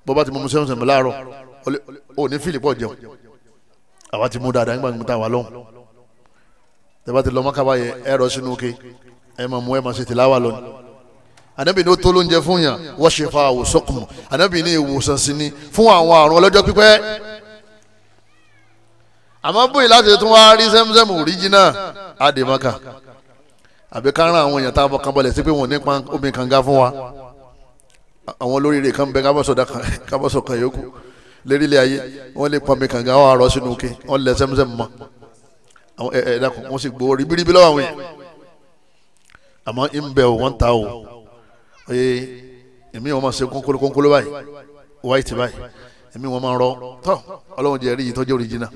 bó bá ti mú omi sẹ́mùsẹ́mù láàárọ̀ ó ní fílì pọ̀ jẹun àwa ti mú dáadáa nígbà tí táwa lọ́hùn tẹ́ bá ti lọ mọ́kà báyẹn ẹ̀rọ sínú ke ẹ̀ máa mú ẹ̀ máa ṣe tìláwà lónìí anabi ní o tó lóúnjẹ fún yàn wọ́n ṣe fa àwòsàn kùn anabi ní ìwòsàn sí ni fún àwọn àrùn ọlọ́jọ́ pípẹ́ àmọ́ bóyá láti tún wá rí sẹ́mùsẹ́mù òríjìnà àdèmọ́kà àbí ká rán àwọn èèyàn tá a fọkàn balẹ̀ sí pé wọ́n nípa omi kànga fún wa àwọn olóríire kan bẹ kábọ̀sọ̀ kan yòókù lérílẹ̀ ayé wọ́n lè pọnmi kànga wọn àrọ́ sínú òkè wọ́n lẹ sẹ́mùsẹ́mù mọ́ àwọn ẹ̀ẹ́dàkùn wọ́n sì gbowó ribiribi lọ́wọ́ àwọn èèyàn àmọ́ ń bẹ̀ wọ́n ta o ee èmi wọn máa ṣe kónkóló kónkóló báyìí white báyìí èmi wọn máa rọ tọ ọlọ́run jẹ́ ẹ̀rí yìí tọ́jú òrìjìnà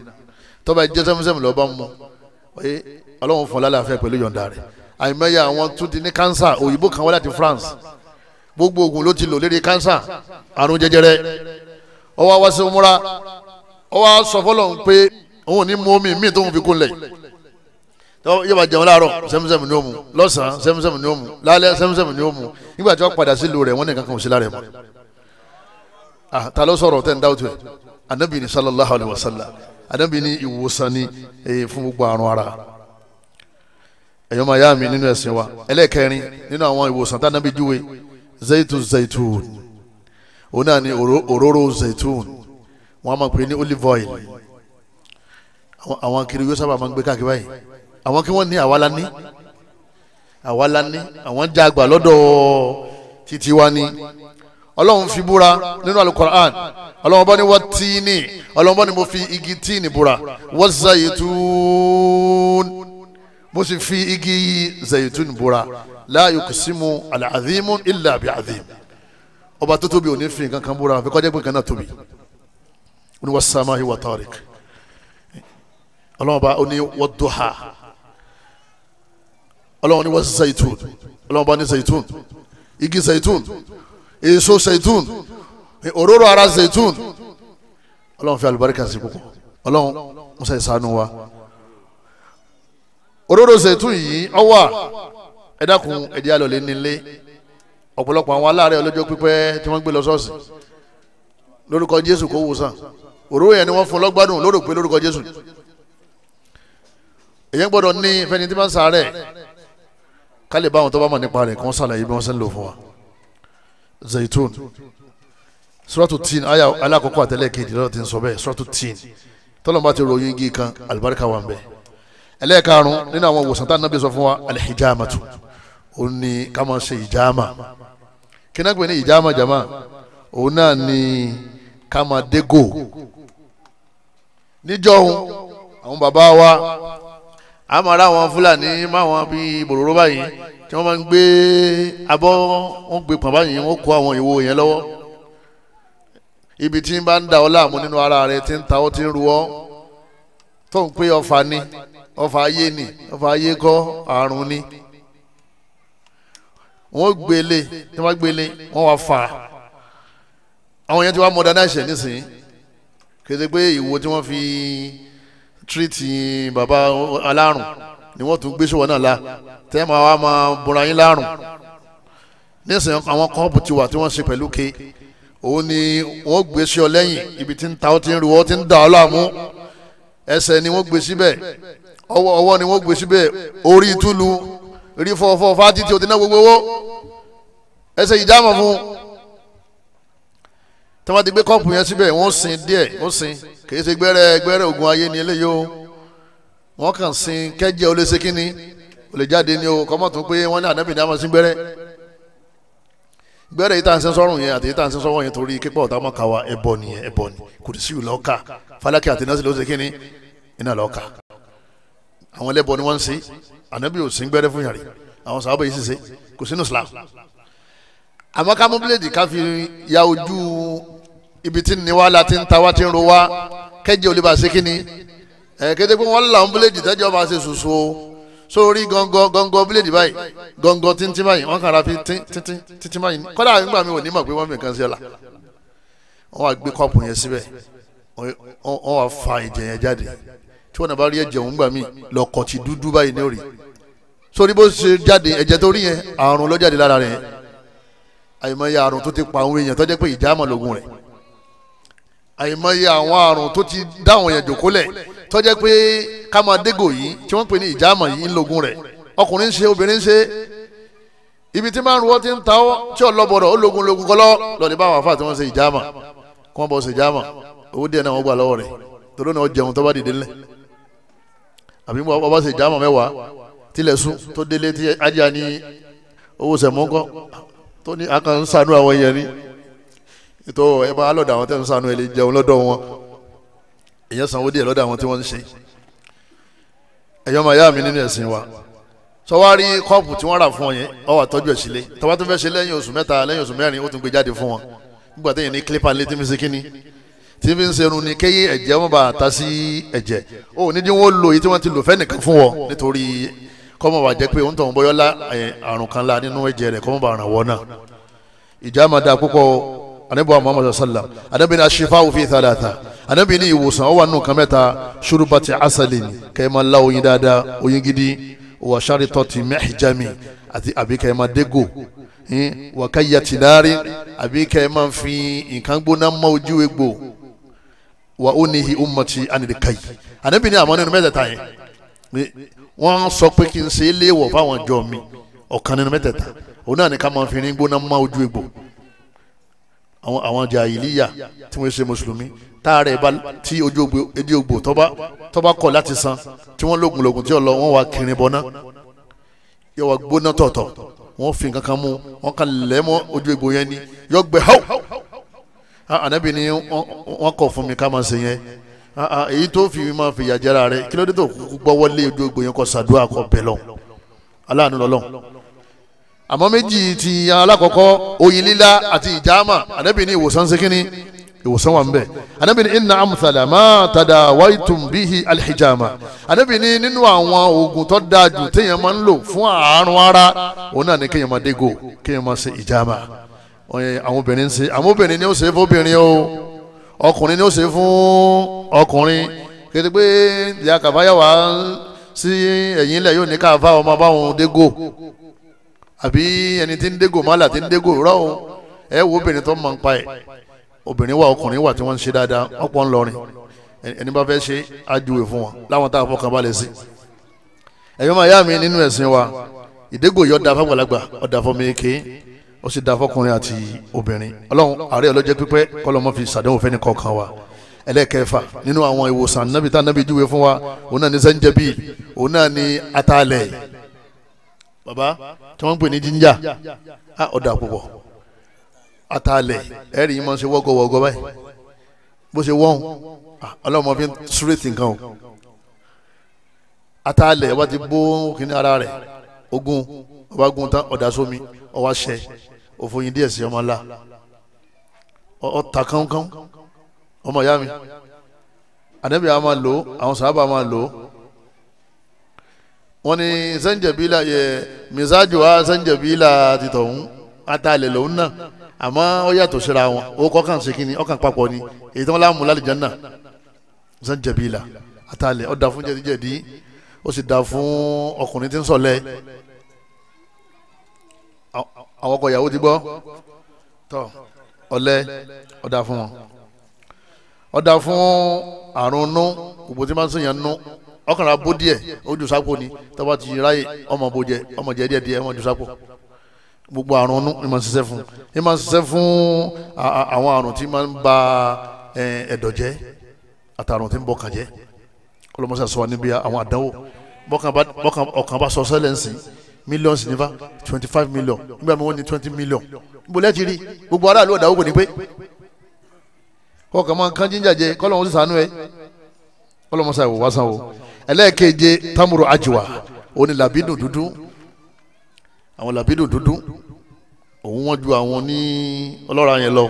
tọ́ba jẹ́ sẹ́mùsẹ́mù lọ́ọ́ bá mu ee ọlọ́run fún lálàáfẹ́ pẹ̀lú yọ̀ǹda rẹ̀ àìmọye àwọn tún ti ní kánsà òyìnbó kan wá láti France gbogbo oògùn ló ti lò lérí cancer àrùn jẹjẹrẹ ọwọ́ wá sí múra ọwọ́ sọ fọlọ́run pé òun ò ní mú omi míì tóun fi kún lẹ̀ yóò bá jẹun láàárọ̀ sẹ́mùsẹ́mù ni ó mu lọ́sàn-án sẹ́mùsẹ́mù ni ó mu lálẹ́ sẹ́mùsẹ́mù ni ó mu nígbà tí wọ́n padà sílùú rẹ̀ wọ́n ní kankan ò lára ẹ̀ mọ́. ta sọ̀rọ̀ tẹ́ ń dáwọ́ tó yẹ anabi ni sallallahu alayhi wa sallam anabi ni ìwòsàn ni eh, fún gbogbo àrùn ara. ẹ̀yọ́ máa yá mi nínú ẹ̀sìn wa ẹlẹ́ẹ̀kẹrin nínú àwọn ìwòsàn tá anabi júwe zaitu zaitu òun náà ni òróró zaitun wọ́n máa pè ní olive oil àwọn kiri yóò sábà máa ń gbé káàkiri báyìí àwọn kí wọ́n ní àwa la ní àwa la ní àwọn já àgbà lọ́dọ̀ títí wa ní ọlọ́run fi búra nínú alukoran ọlọ́run bá ní wọ́n tíìnì ọlọ́run bá ní mo fi igi tíìnì búra wọ́n zayitun mo sì fi igi zayitun búra láàyò kùsìmù àlàzímù ilà àbí àzímù ọba tó tóbi ò ní fi nǹkan kan búra àfi kọ́jà pé náà tóbi ó ní wà tọ́rìk ọlọ́run bá ó ọlọ́run ní wọ́n sí zaitun ọlọ́run bá ní zaitun igi zaitun èso zaitun òróró ara zaitun ọlọ́run fi àlùbáríkà sí púpọ̀ ọlọ́run musa ìsánú wa òróró zaitun yìí ọwà ẹ̀dákun ẹ̀dí alọ̀lẹ́ nílé ọ̀pọ̀lọpọ̀ àwọn aláàárẹ̀ ọlọ́jọ́ pípẹ́ tí wọ́n gbé lọ sọ́ọ̀sì lórúkọ jésù kó wòsàn òróró yẹn ni wọ́n fún lọ́gbádùn lórò pé lórúkọ jésù èyàn gbọ́dọ̀ ní fẹni tí wọ́n ń sàárẹ̀ kálí báwọn tó bá mọ̀ nípa rẹ̀ kàn sàlàyé bí wọ́n ṣe ń lò fún wa zaitun suratu tin aya alakoko àtẹlẹ kejì lọ́dọ̀ tí ń sọ bẹ́ẹ̀ suratu tin tọ́lọ́mọba ti ròyìn igi kan alibarika wà ń bẹ ẹlẹ́ẹ̀karùn nínú àwọn wòsàn tá a nàbẹ̀ sọ fún wa alihijamatu òun ni ká máa ṣe ìjàmà kí náà pè ní ìjàmà jàmà òun náà ni ká máa dégò níjọ́ òun àwọn bàbá wa a máa rá àwọn fúlàní máwọn bíi bòròró báyìí tí wọ́n máa ń gbé abọ́ wọ́n gbé pọ̀n báyìí wọ́n kó àwọn ìwo yẹn lọ́wọ́ ibi tí ń bá ń da ọ láàmú nínú ara rẹ ti ń ta ọ ti ń ru ọ tó ń pé ọfà ni ọfà ayé ni ọfà ayé kọ́ àrùn ni wọ́n gbélé tí wọ́n gbélé wọ́n wá fà á àwọn yẹn ti wá modernize nísìnyí kì í ṣe pé ìwo tí wọ́n fi tírìtì bàbá alárùn ni wọ́n tún gbé sọ̀wọ́ náà la tẹ́ máa wá máa bọ̀ra yín lárùn nísìnyí àwọn kọ́ọ̀pù ti wà tí wọ́n ṣe pẹ̀lú ke òun ni wọ́n gbé sí ọ lẹ́yìn ibi tí ń ta ó ti ń ru ó ti ń dà ọ́ láàmú ẹsẹ̀ ni wọ́n gbé síbẹ̀ ọwọ́ ọwọ́ ni wọ́n gbé síbẹ̀ orí túlu rí fọ́fọ́ fátítì ó ti ná gbogbo owó ẹsẹ̀ ìjámọ̀ fún un tí wọ́n ti gbé kọ́ọ̀pù yẹn síbẹ̀ wọ́n sin díẹ̀ wọ́n sin kì í ṣe gbẹ́rẹ́ gbẹ́rẹ́ ogun ayé ni eléyìí o wọ́n kàn sin kẹ́jẹ́ o lè ṣe kínní o lè jáde ní o kọ́mọ̀ tó pé wọ́n ní ànábì ní a máa sin gbẹ́rẹ́ gbẹ́rẹ́ yìí tá à ń sẹ́ sọ́rùn yẹn àti yìí tá à ń sẹ́ sọ́wọ́ yẹn torí kíkọ́ ọ̀tá ọmọ kàwa ẹbọ nìyẹn ẹbọ ni kò sí ìlọ́ka falaki àti nọ́ọ̀sì ló ṣe kínní iná lọ́ka àwọn ẹlẹ́bọ ni wọ́n ń sin ànábì ò sin gbẹ́rẹ́ fún yàrá àwọn sàábà yìí sì ṣe kò sínú Islam àmọ́ ká mú bíléèdì ká fi ya ojú ibi tí niwa la ti ń ta wa ti ń ro wa kẹjẹ olè bá ṣe kí ni ẹ kété pé wọn là ń bíléèdì tẹjọ bá ṣe ṣoṣo o sórí gangan gangan bíléèdì báyìí gangan tíntín báyìí wọn kàrà fi tíntín tíntín báyìí kódà nígbà mi ò ní mọ̀ pé wọn mìkan sí ọ̀la wọn wá gbé kọ́ọ̀pù yẹn síbẹ̀ wọn wá fa ẹ̀jẹ̀ yẹn jáde tí wọn bá rí ẹ̀jẹ̀ òun gbà mí lọ́kọ̀ ti dúdú báyìí ní òrì sórí bó ṣe jáde ẹ̀jẹ̀ tó rí yẹn àrùn ló jáde lára rẹ̀ àyèmọ̀ yẹ àrùn tó ti pa àwọn èèyàn tó jẹ́ pé ìjà àmọ̀ lògùn rẹ̀ àyèmọye àwọn àrùn tó ti dáhùn yẹn jòkólẹ̀ tó jẹ́ pé ká máa dégò yìí tí wọ́n pè ní ìjàmọ̀ yìí ń logun rẹ̀ ọkùnrin ṣe obìnrin ṣe ibi tí máa ń ruwọ́ ti ń ta ọ́ tí ọlọ́bọ̀dọ̀ ó logun logun kọ́lọ́ lọ́ọ̀dẹ bá àwọn afá tí wọ́n ṣe ìjàmọ̀ kí wọ́n bọ̀ ṣe ìjàmọ̀ owó díẹ̀ náà wọ́n gbà lọ́wọ́ rẹ̀ torí náà jẹun tó bá dìde ńlẹ̀ àbí wọ́n bá ṣe ìjàmọ̀ mẹ́wàá ètò ẹ bá lọ́dọ̀ àwọn tẹ́ ń sànú ẹ lè jẹun lọ́dọ̀ wọn èyàn sanwó díẹ̀ lọ́dọ̀ àwọn tí wọ́n ń ṣe ẹ̀yọ́ máa yá mi nínú ẹ̀sìn wa sọwárí kọ́ọ̀pù tí wọ́n rà fún ọ yẹn ọ wà tọ́jú ẹ̀ sílé tọ́wá tó fẹ́ ṣe lẹ́yìn oṣù mẹ́ta lẹ́yìn oṣù mẹ́rin ó tún gbé jáde fún wọn nígbà téèyàn ní clipper ń lé tí mi tí mi ń serun ni kéyé ẹ̀jẹ̀ wọn bá ta sí ẹ̀jẹ̀ ó ní dín wọn lo èyí tí wọ́n ti lò fẹ́ nìkan fún wọn nítorí kọ́mọ̀ wà jẹ́ pé òun tọ̀hún bọ́yọ́lá àrùn kan la nínú ẹ̀jẹ̀ rẹ̀ kọ́mọ̀ bá ràn wọ́n náà ìjà máa da púpọ̀ anabi wa muhammadu sallam anabi ni ashifawu fi thalatha anabi ni ìwòsàn ó wà nínú kan mẹ́ta surubati asalin kẹma la oyin dáadáa oyin gidi wa sharitoti mihjami àti àbí kẹma dego wa kayyati nari àbí kẹma fi nǹkan gbóná mọ́ ojú egbò wa onihi ummati anil kai anabi ni àmọ́ nínú mẹ́tẹ̀ẹ̀ta yẹn wọ́n sọ pé kí n ṣe é léèwọ̀ fáwọn jọ mi ọ̀kan nínú mẹ́tẹ̀ẹ̀ta òun náà ni ká máa fi rin gbóná mọ́ ojú egbò àwọn àwọn jàhílíyà tí wọ́n ṣe mùsùlùmí táàrẹ bá tí ojú ojú ogbò tọ́ba tọ́ba kọ̀ láti san tí wọ́n lóògùn lóògùn tí ò lọ wọ́n wà kiri bọ́ná yóò wá gbóná tọ̀tọ̀ wọ́n fi nǹkan kan mú wọ́n kan lẹ́ mọ́ ojú egbò yẹn ni yóò gbẹ hàw ah, ànábì ni wọ́n kọ̀ fún mi ká máa ṣe yẹn ah, ah, èyí tó fi máa fi yà rẹ kí ló dé tó gbọ́ wọlé ojú egbò yẹn kọ́ sàdúrà kọ́ bẹ̀ lọ aláàánú lọ́lọ́run àmọ́ méjì ti yan alákọ̀ọ́kọ́ oyin lila àti ìjàmà ànábì ní ìwòsàn ṣe kínní ìwòsàn wà ń bẹ̀ ànábì inna amthala tada tadawaitum bihi alhijama ànábì ní nínú àwọn oògùn tó dáa jù téèyàn máa ń lò fún àárùn ara òun náà ní kéèyàn máa dégò kéèyàn máa ṣe ìjàmà àwọn obìnrin ṣe àwọn obìnrin ni ó ṣe fún obìnrin o ọkùnrin ni ó ṣe fún ọkùnrin kété pé ìyá kàfáyà wá sí ẹ̀yìn ilẹ̀ yóò ní káfá ọmọ báwọn dégò àbí ẹni tí ń dégò mọ́là tí ń dégò rọ́ o ẹ wo obìnrin tó mọ̀ ń pa ẹ̀ obìnrin wa ọkùnrin wa tí wọ́n ń ṣe dáadáa ọ̀pọ̀ ń lọrin ẹni bá fẹ́ ṣe ájúwe fún wọn láwọn tá a fọkàn balẹ̀ sí. ẹ̀yọ́ máa yá mi nínú ẹ̀sìn wa ìdégò yọ da fágbàlagbà ọ̀dà fọmi eke ó sì da fọkùnrin àti obìnrin ọlọ́run àárẹ̀ ọlọ́jẹ́ pípẹ́ kọ́lọ́mọ́ fi sàdéhùn fẹ́ni kọ̀ọ̀kan wa ẹlẹ́kẹfà nínú àwọn ìwòsàn nábì tá nábì júwe fún wa òun náà ní sẹ́ńjẹ́bì òun náà ní ataalẹ̀ baba tí wọ́n ń pè ní jíńjà á ọ̀dà púpọ̀ àtàlẹ̀ ẹ̀rì yìí máa ń ṣe wọ́gọ̀wọ́gọ́ báyìí bó ṣe wọ́n ah, ọlọ́mọ fi ń súrètì nǹkan o àtàlẹ̀ ọba ti bó kíní ara rẹ̀ ogun ọba gun tán ọ̀dà sómi ọwọ́ ṣẹ òfòyìn díẹ̀ sí ọmọ ńlá ọ̀tà kánkán ọmọ ìyá mi àdébíyà máa lò àwọn sàábà máa lò ó wọ́n zanjabila sanjabila yẹ misaju wa sanjabila ti tọ̀hún atalẹ̀ lòun náà àmọ́ ó yàtọ̀ síra wọn ó kọ́kàn sí kínní ọkàn papọ̀ ni èyí tí wọ́n láàmú lálìjánná zanjabila atalẹ̀ ó da fún jẹ̀díjẹ̀dí ó sì da fún ọkùnrin tí ń sọ̀lẹ̀ àwọn ọkọ ìyàwó ti gbọ́ tọ ọ̀lẹ ó da fún wọn ó da fún àrùn nú gbogbo máa ń sèyàn nú ọkàn rà bó díẹ̀ ó sápò ni tọ́ba ti ráyè ọmọ bó jẹ ọmọ jẹ díẹ̀ díẹ̀ ọmọ jù sápò gbogbo àrùn ọ̀nù ni máa ń fún ni máa ń fún àwọn àrùn tí máa ń ba ẹ̀dọ̀ jẹ́ àtàrùn tí ń bọ̀ kàn jẹ́ kọlọmọsà sọ wa níbi àwọn àdánwò ọkàn bá sọ sẹ́lẹ̀ ń sìn millions ní fa twenty five million nígbà mi wọ́n ní twenty million níbo lẹ́ẹ̀tì rí gbogbo aráàlú ọ̀dàwó kò ní pé kọ́ọ̀kan máa ń kán jíjà jẹ kọ́lọ́mọsà sànú ẹ kọ́lọmọsà ìwò wá ẹlẹ́ẹ̀keje tamuru ajiwa òun ni làbínú dúdú àwọn làbínú dúdú òun wọ́n ju àwọn ní ọlọ́ra yẹn lọ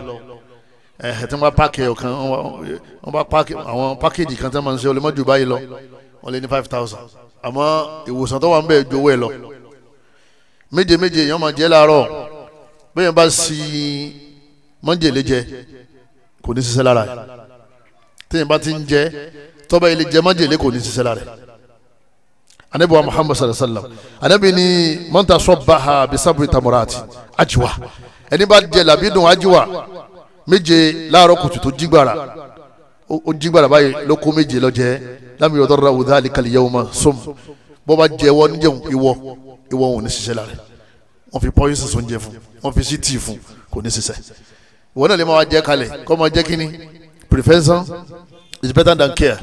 ẹ̀hẹ̀ tí wọ́n bá páàkì ọ̀kan wọ́n bá páàkì àwọn pákéjì kan tí wọ́n máa ń ṣe ọlẹ́mọ́jú báyìí lọ wọ́n lé ní five thousand àmọ́ ìwòsàn tó wà ń bẹ̀ ju owó ẹ̀ lọ méje méje èèyàn máa jẹ́ láàárọ̀ bẹ́ẹ̀ bá sí mọ́jèlé kò ní ṣiṣẹ́ lára ẹ̀ bá ti ń jẹ tọ́ba ilé jẹ́ májèlé kò ní ṣiṣẹ́ lára anabi wa muhammad sallallahu alaihi wa sallam anabi ni mọ́ta sọ́baha bisabri tamurati ajiwa ẹni bá jẹ làbídùn ajiwa méje láàárọ̀ kùtù tó jígbàrà ó jígbàrà báyìí ló kó méje lọ́jẹ́ lámì ọ̀dọ́ ra wùdá àlìkalẹ̀ yẹ́wò máa sọ́mu bọ́ bá jẹ wọ́n níjẹun ìwọ ìwọ wọn ò ní ṣiṣẹ́ lára wọ́n fi pọ́yìnsì sọ oúnjẹ fún wọ́n fi sí tíì fún kò ní ṣiṣẹ́ ìwọ náà lè máa jẹ kalẹ̀ kọ́ máa jẹ kíni prevention is better than care.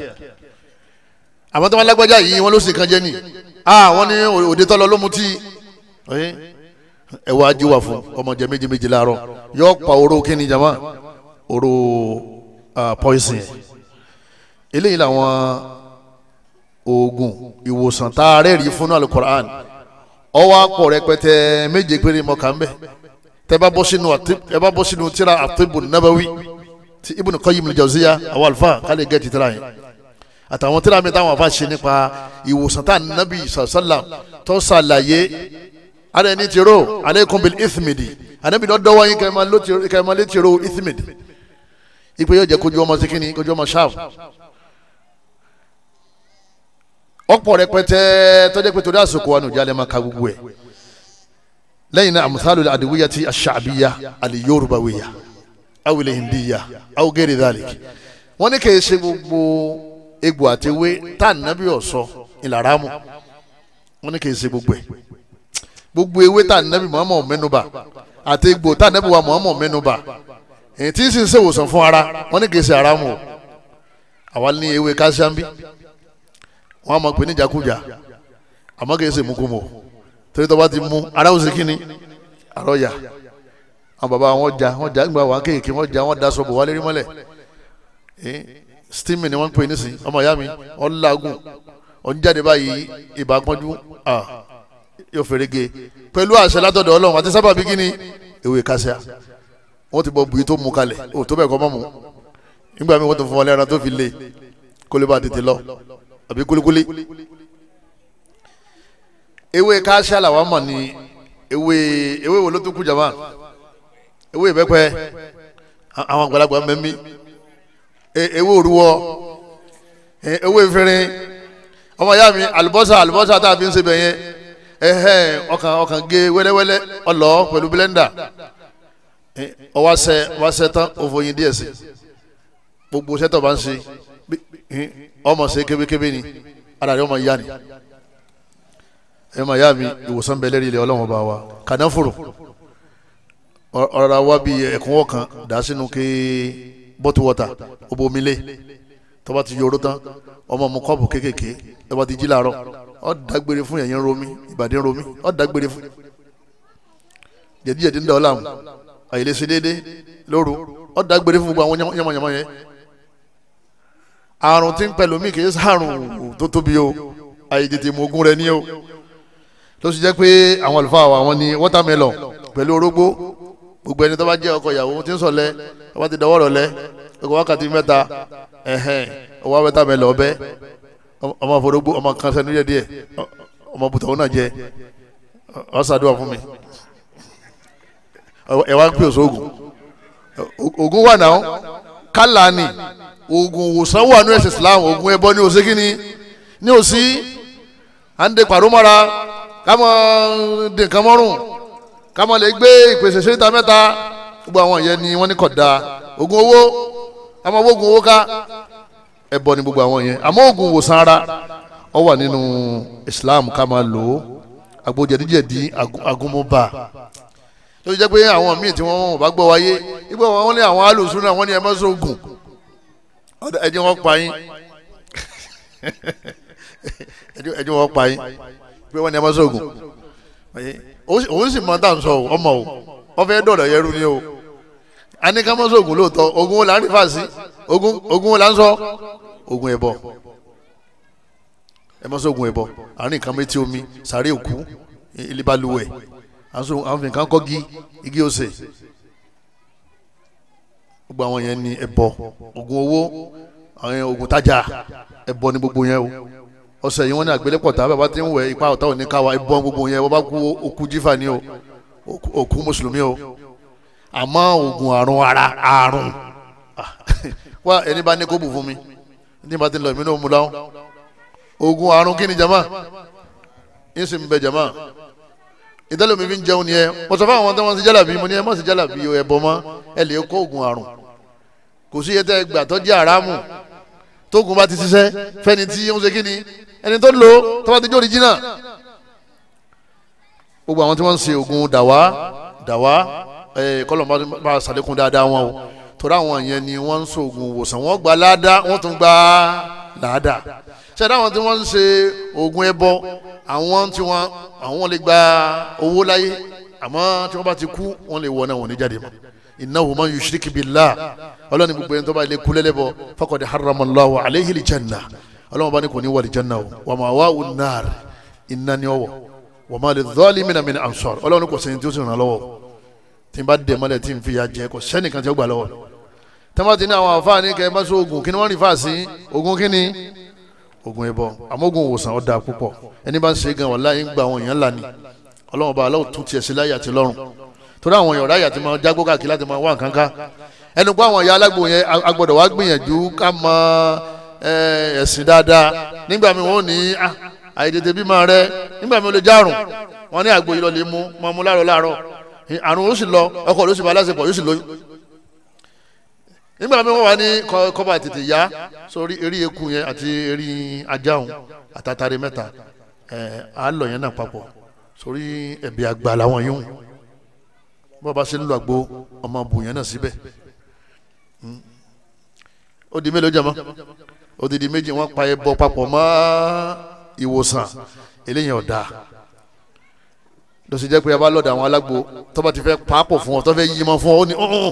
àwọn tó wọn lágbájá yìí wọn ló sì kan jẹ ni àwọn ní òde tọ́lọ ló mu tí ẹwà ajiwa fún ọmọdé méje méje láàárọ̀ yóò pa oró kíni jama oró poison eléyìí làwọn oògùn ìwòsàn tá a rẹ̀ rí fún alukoran ọwọ́ apọ̀ rẹpẹtẹ méje péré mọ̀ká ń bẹ̀ tẹ́ bá bọ́ sínú tírà àtibù nàbàwí ti Ibn Qayyim al-Jawziyya àwọn àlùfáà kálí gẹ́ẹ̀tì tíra yẹn àtàwọn tíra mi táwọn àfa ṣe nípa ìwòsàn tá nàbì sàlá tó ṣàlàyé ara ẹni ti ro alaykum bil ithmidi ànábì náà dọ́wọ́ yín kẹ́ẹ̀má létí ro ithmidi ipe yóò jẹ́ kójú ọmọ sikini kójú ọmọ ṣáàfù ọ̀pọ̀ rẹpẹtẹ tọ́jú pé torí àsìkò wa nùjẹ́ alẹ́ máa ka gbogbo ẹ̀ lẹ́yìn náà amthalul adwiyati ash-sha'biyya al-yorubawiyya. awele hindiya awogere dalik wọ́n ní kìí ṣe gbogbo egbò ati tá a nàbí ọsọ ìlàrámù wọ́n ní kìí ṣe gbogbo ẹ̀ gbogbo ewé tá a nàbí Muhammad mẹ́nuba àti egbò tá a nàbí wa Muhammad mẹ́nuba èyí tí ń sìn ṣèwòsàn fún ara wọn ni kìí ṣe àrámù o àwa ní ewé káṣíámbí ti ara ó àwọn bàbá wọn jà wọn jà nígbà wọn kéèké wọn jà wọn daṣọ bò wálé rí mọ́lẹ̀ steaming ni wọ́n ń pè nísìnyí ọmọ ìyá mi ọ̀làgùn ọ̀njáde báyìí ìbàkànjú yóò fèrègé pẹ̀lú àṣẹ látọ̀dọ̀ ọlọ́run àti sábàbí kí ni ewé kásíà wọ́n ti bọ̀ bùyí tó mú kalẹ̀ ò tó bẹ̀ kọ́ mọ́ mu nígbà míì wọ́n tó fún wọn lẹ́ran tó fi lé kólé bá tètè lọ àbí kúlíkúlí. ewé kásíà làwọn mọ̀ ní ewé ewé wo ló tó kú jàmáà ewé ìbẹ́pẹ́ àwọn àgbàlagbà mẹ́mí ewé òrúwọ ewé ìfẹ́rin ọmọ ìyá mi àlùbọ́sà àlùbọ́sà tá a fi ń ṣe bẹ̀ yẹn ẹ̀hẹ́n ọkàn ọkàn gé wẹ́lẹ́wẹ́lẹ́ ọlọ́ pẹ̀lú blender ọwọ́sẹ̀ e, ọwọ́sẹ̀ tán òfòyìn díẹ̀ sí gbogbo sẹ́tọ̀ bá ń ṣe ọmọ ṣe kébékébé ni ara rẹ̀ ọmọ ìyá ni ẹ̀ ọmọ ìyá mi ìwòsàn bẹ́ẹ̀ lérí ilẹ̀ ọlọ́wọ́n bá wa kànáfòrò ọ̀rọ̀ wa bí ẹ̀kúnwọ́ kan dà sínú ké bọ́tù wọ́tà ọbọ̀ omílé tọ́ba ti yorò tán ọmọ mu kọ́ọ̀pù kéékèèké tọ́ba ti jí làárọ̀ ọ́ dágbére fún ẹ̀yìn romi ìbàdí romi ọ́ dágbére fún jẹ̀díjẹ̀dí ń dà ọ́ láàmú àyèlésí déédéé lóru ọ́ dágbére fún gbogbo àwọn yamayama yẹn àrùn tí ń pẹ̀lú mi kì í sàrùn tó tóbi o àyètètè mọ rẹ ní o ló jẹ́ pé àwọn àlùfáà wa wọn ni watermelon pẹ̀lú orógbó gbogbo ẹni tó bá jẹ́ ọkọ ìyàwó tí ń sọlẹ̀ tó bá ti dọwọ́ rọlẹ̀ ọkọ wákàtí mẹ́ta ẹ̀hẹ́n ọwọ́ mẹ́ta mẹ́lẹ̀ ọbẹ̀ ọmọ àforógbó ọmọ kan sẹ́nu díẹ̀ díẹ̀ ọmọ bùtọ̀ ọ̀hún náà jẹ ọ̀sàdúrà fún mi ẹ wá ń pè oṣù oògùn oògùn wà náà kálá ni oògùn òwòsàn wà ní ẹ̀sìn Islam oògùn ẹbọ ní òsì kíni ní òsì à ń de pàrọ̀ mọ́ra ká mọ́ de nǹkan mọ́rùn kámọ́ lè gbé ìpèsè síta mẹ́ta gbogbo àwọn ìyẹn ni wọ́n ní kọ̀ da oògùn owó àmọ́ oògùn owó ká ẹbọ ni gbogbo àwọn yẹn àmọ́ oògùn ìwòsàn ara ó wà nínú Islam ká máa lò ó àgbo jẹ̀díjẹ̀dí agunmọba tó jẹ́ pé àwọn míì tí wọ́n bá gbọ́ wáyé igbó wọn ní àwọn alùsùn náà wọ́n ní ẹ má sóògùn ẹjẹ́ wọn pa yín ẹjẹ́ wọn pa yín pé wọ́n ní ẹ má òun sì mọ táwọn sọ ọmọ o wọn fẹ́ dọ̀dọ̀ yẹrù ni o a ní ká ogun wo là ń rí fàásì ogun wo là ń sọ ogun ẹ̀bọ ẹ mọ́ sóògùn ẹ̀bọ àárín kan méjì omi sàárè òkú ilé àwọn nǹkan kọ́gi igi ọ̀sẹ̀ gbogbo àwọn yẹn ni ẹ̀bọ ogun owó àwọn ogun tajà ẹ̀bọ ni gbogbo yẹn o ọ̀sẹ̀ yìí wọ́n ní àgbélépọ̀ tá bàbá tí ń wẹ̀ ipa ọ̀tá òní káwa ìbọn gbogbo yẹn wọ́n bá kú òkú jífà ni o òkú mùsùlùmí o àmọ́ oògùn àrùn ara àrùn wá ẹni bá ní kó bù fún mi ní bá ti lọ ìmínú òmùlá oògùn àrùn kí ni jama ń sì ń bẹ jama ìdálò mi fi ń jẹun ni ẹ mo sọ fún àwọn tó wọn sí jálàbí mo ní ẹ má sí jálàbí ẹ bọ mọ ẹ lè kó oògùn àrùn kò sí iye tẹ àrámù tóògùn bá ti ṣiṣẹ́ fẹ́ni tí ó ń ṣe kí ni ẹni tó lò tó bá ti jó original gbogbo àwọn tí wọ́n ń ṣe oògùn dàwá dàwá kọ́lọ̀ bá ṣàlékún dáadáa wọn o torí àwọn yẹn ni wọ́n ń ṣoògùn wòsàn wọ́n gba láàdá wọ́n tún gba láàdá ṣẹ́dá àwọn tí wọ́n ń ṣe oògùn ẹbọ àwọn tí wọ́n àwọn lè gba owó láyé àmọ́ tí wọ́n bá ti kú wọ́n lè wọ náà wọ́n ní jáde mọ́ innahu man yushrik billah ọlọ́ni gbogbo yẹn tó bá ilé kúlẹ́lẹ́ bọ̀ faqad haramallahu alayhi aljanna ọlọ́wọ́n bá ní kò ní wà aljanna o wa ma'wahu an-nar iná ni ọwọ́ wa ma lidh-dhalimina min ansar ọlọ́ni kò sẹ́yìn tí ó sì ràn lọ́wọ́ tí n bá dẹ̀ mọ́lẹ̀ tí n fi yà jẹ́ kò sẹ́nìkan tí ó gbà lọ́wọ́ tẹ́mọ́tì ní àwọn àfáà kẹ́ ẹ bá sọ oògùn kí ni wọ́n rìn fàásì oògùn kí ni oògùn ẹbọ àmọ́ oògùn ìwòsàn ọ̀dà púpọ̀ ẹni bá ń ṣe gan wàláyé ń gba àwọn èèyàn lánìí ọlọ́run bá aláwọ̀ tún tiẹ̀ sí láyé àti lọ́rùn torí àwọn èèyàn ráyà ti máa jágbó káàkiri láti máa wá nǹkan ká ẹnu àwọn ìyá alágbó yẹn agbọ́dọ̀ wá gbìyànjú ká mọ ẹ̀sìn dáadáa nígbà mi wọn ò ní ah, àìdèdè bímọ rẹ nígbà mi ò lè járùn wọn ní àgbo yìí lọ lè mú máa mú láàárọ̀ láàárọ̀ àrùn ó sì lọ ọkọ ló sì bá mi wọn wà ní kọba tètè yá sórí eré eku yẹn àti eré àtàtàrí ẹ àálọ yẹn náà sórí ẹbí àgbà làwọn bọ́ọ̀bá ṣe ń lo àgbo ọmọ bùnyàn náà síbẹ̀ hmm. ó di mélòó jama ó di di méjì wọ́n pa ẹbọ papọ̀ mọ́ ìwòsàn eléyìí ọ̀dà lọ́sọ̀ jẹ́ pé a bá lọ́dọ̀ àwọn alágbo tọ́ba ti fẹ́ pàápọ̀ fún ọ tọ́fẹ́ yíyí mọ́ fún ọ ó ní ọ̀hún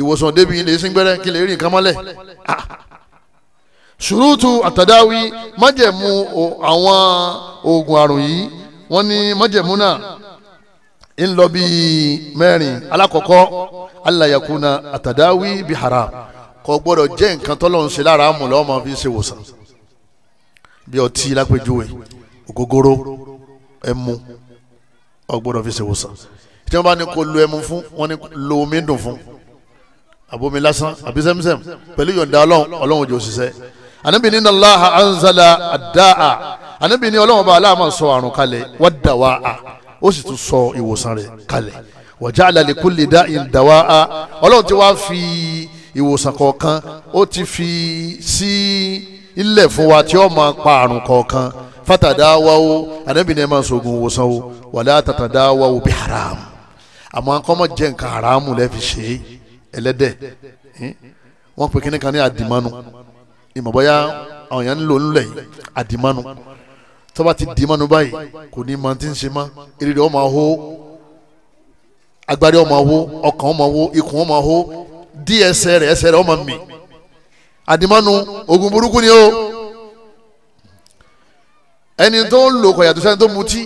ìwòsàn débi ilé síngbẹ́rẹ́ kí lè rí nǹkan mọ́lẹ̀ ah. ṣùrùtù àtàdáwí àwọn oògùn àrùn yìí wọ́n ní májẹ̀mú náà ń lọ bí mẹ́rin alákọ̀ọ́kọ́ alayakuna àtàdáwí bi haram kò gbọ́dọ̀ jẹ́ nǹkan tọ́lọ̀ ń ṣe lára àmọ̀ lọ́mọ fi ṣe wòsàn bí ọtí lápẹjúwe ògógóró ẹmu ò gbọ́dọ̀ fi ṣe wòsàn tí wọ́n bá ní kó lo ẹmu fún wọ́n ní lo omi dùn fún abomi lásán àbí sẹ́mísẹ́m pẹ̀lú yọ̀ǹda ọlọ́run ọlọ́run jò ṣiṣẹ́ ànábì ní nàláha anzala àdáà ànábì ní ọlọ́run bá aláàmọ̀ sọ àrùn kalẹ̀ wọ́n dà wá a ó sì tún sọ ìwòsàn rẹ̀ kalẹ̀ wa ja'ala li kulli da'in dawa'a ọlọ́run ti wá fi ìwòsàn kọ̀ọ̀kan ó ti fi sí ilẹ̀ fún wa tí ó máa pa àrùn kọ̀ọ̀kan fatadawawo anabi ní ẹ máa sọ̀gùn ìwòsàn o wala tatadawawo bi haram àmọ́ akọ́mọ jẹ́ nǹkan haramu lẹ́fi ṣe ẹlẹ́dẹ̀ wọ́n pe kíní kan ní àdìmánu ìmọ̀bọ́yá àwọn èèyàn ń lò ńlẹ̀ yìí àdìmánu tọ́ba ti dì mánu báyìí kò ní máa ti ń ṣe má eré ọmọ ahó agbárí ọmọ ahó ọkàn ọmọ ahó ikùn ọmọ ahó dí ẹsẹ̀ rẹ̀ ẹsẹ̀ rẹ̀ ọmọ mi àdìmánu oògùn burúkú ni o ẹni tó ń lò kọ̀ yàtọ̀ sẹ́ni tó mutí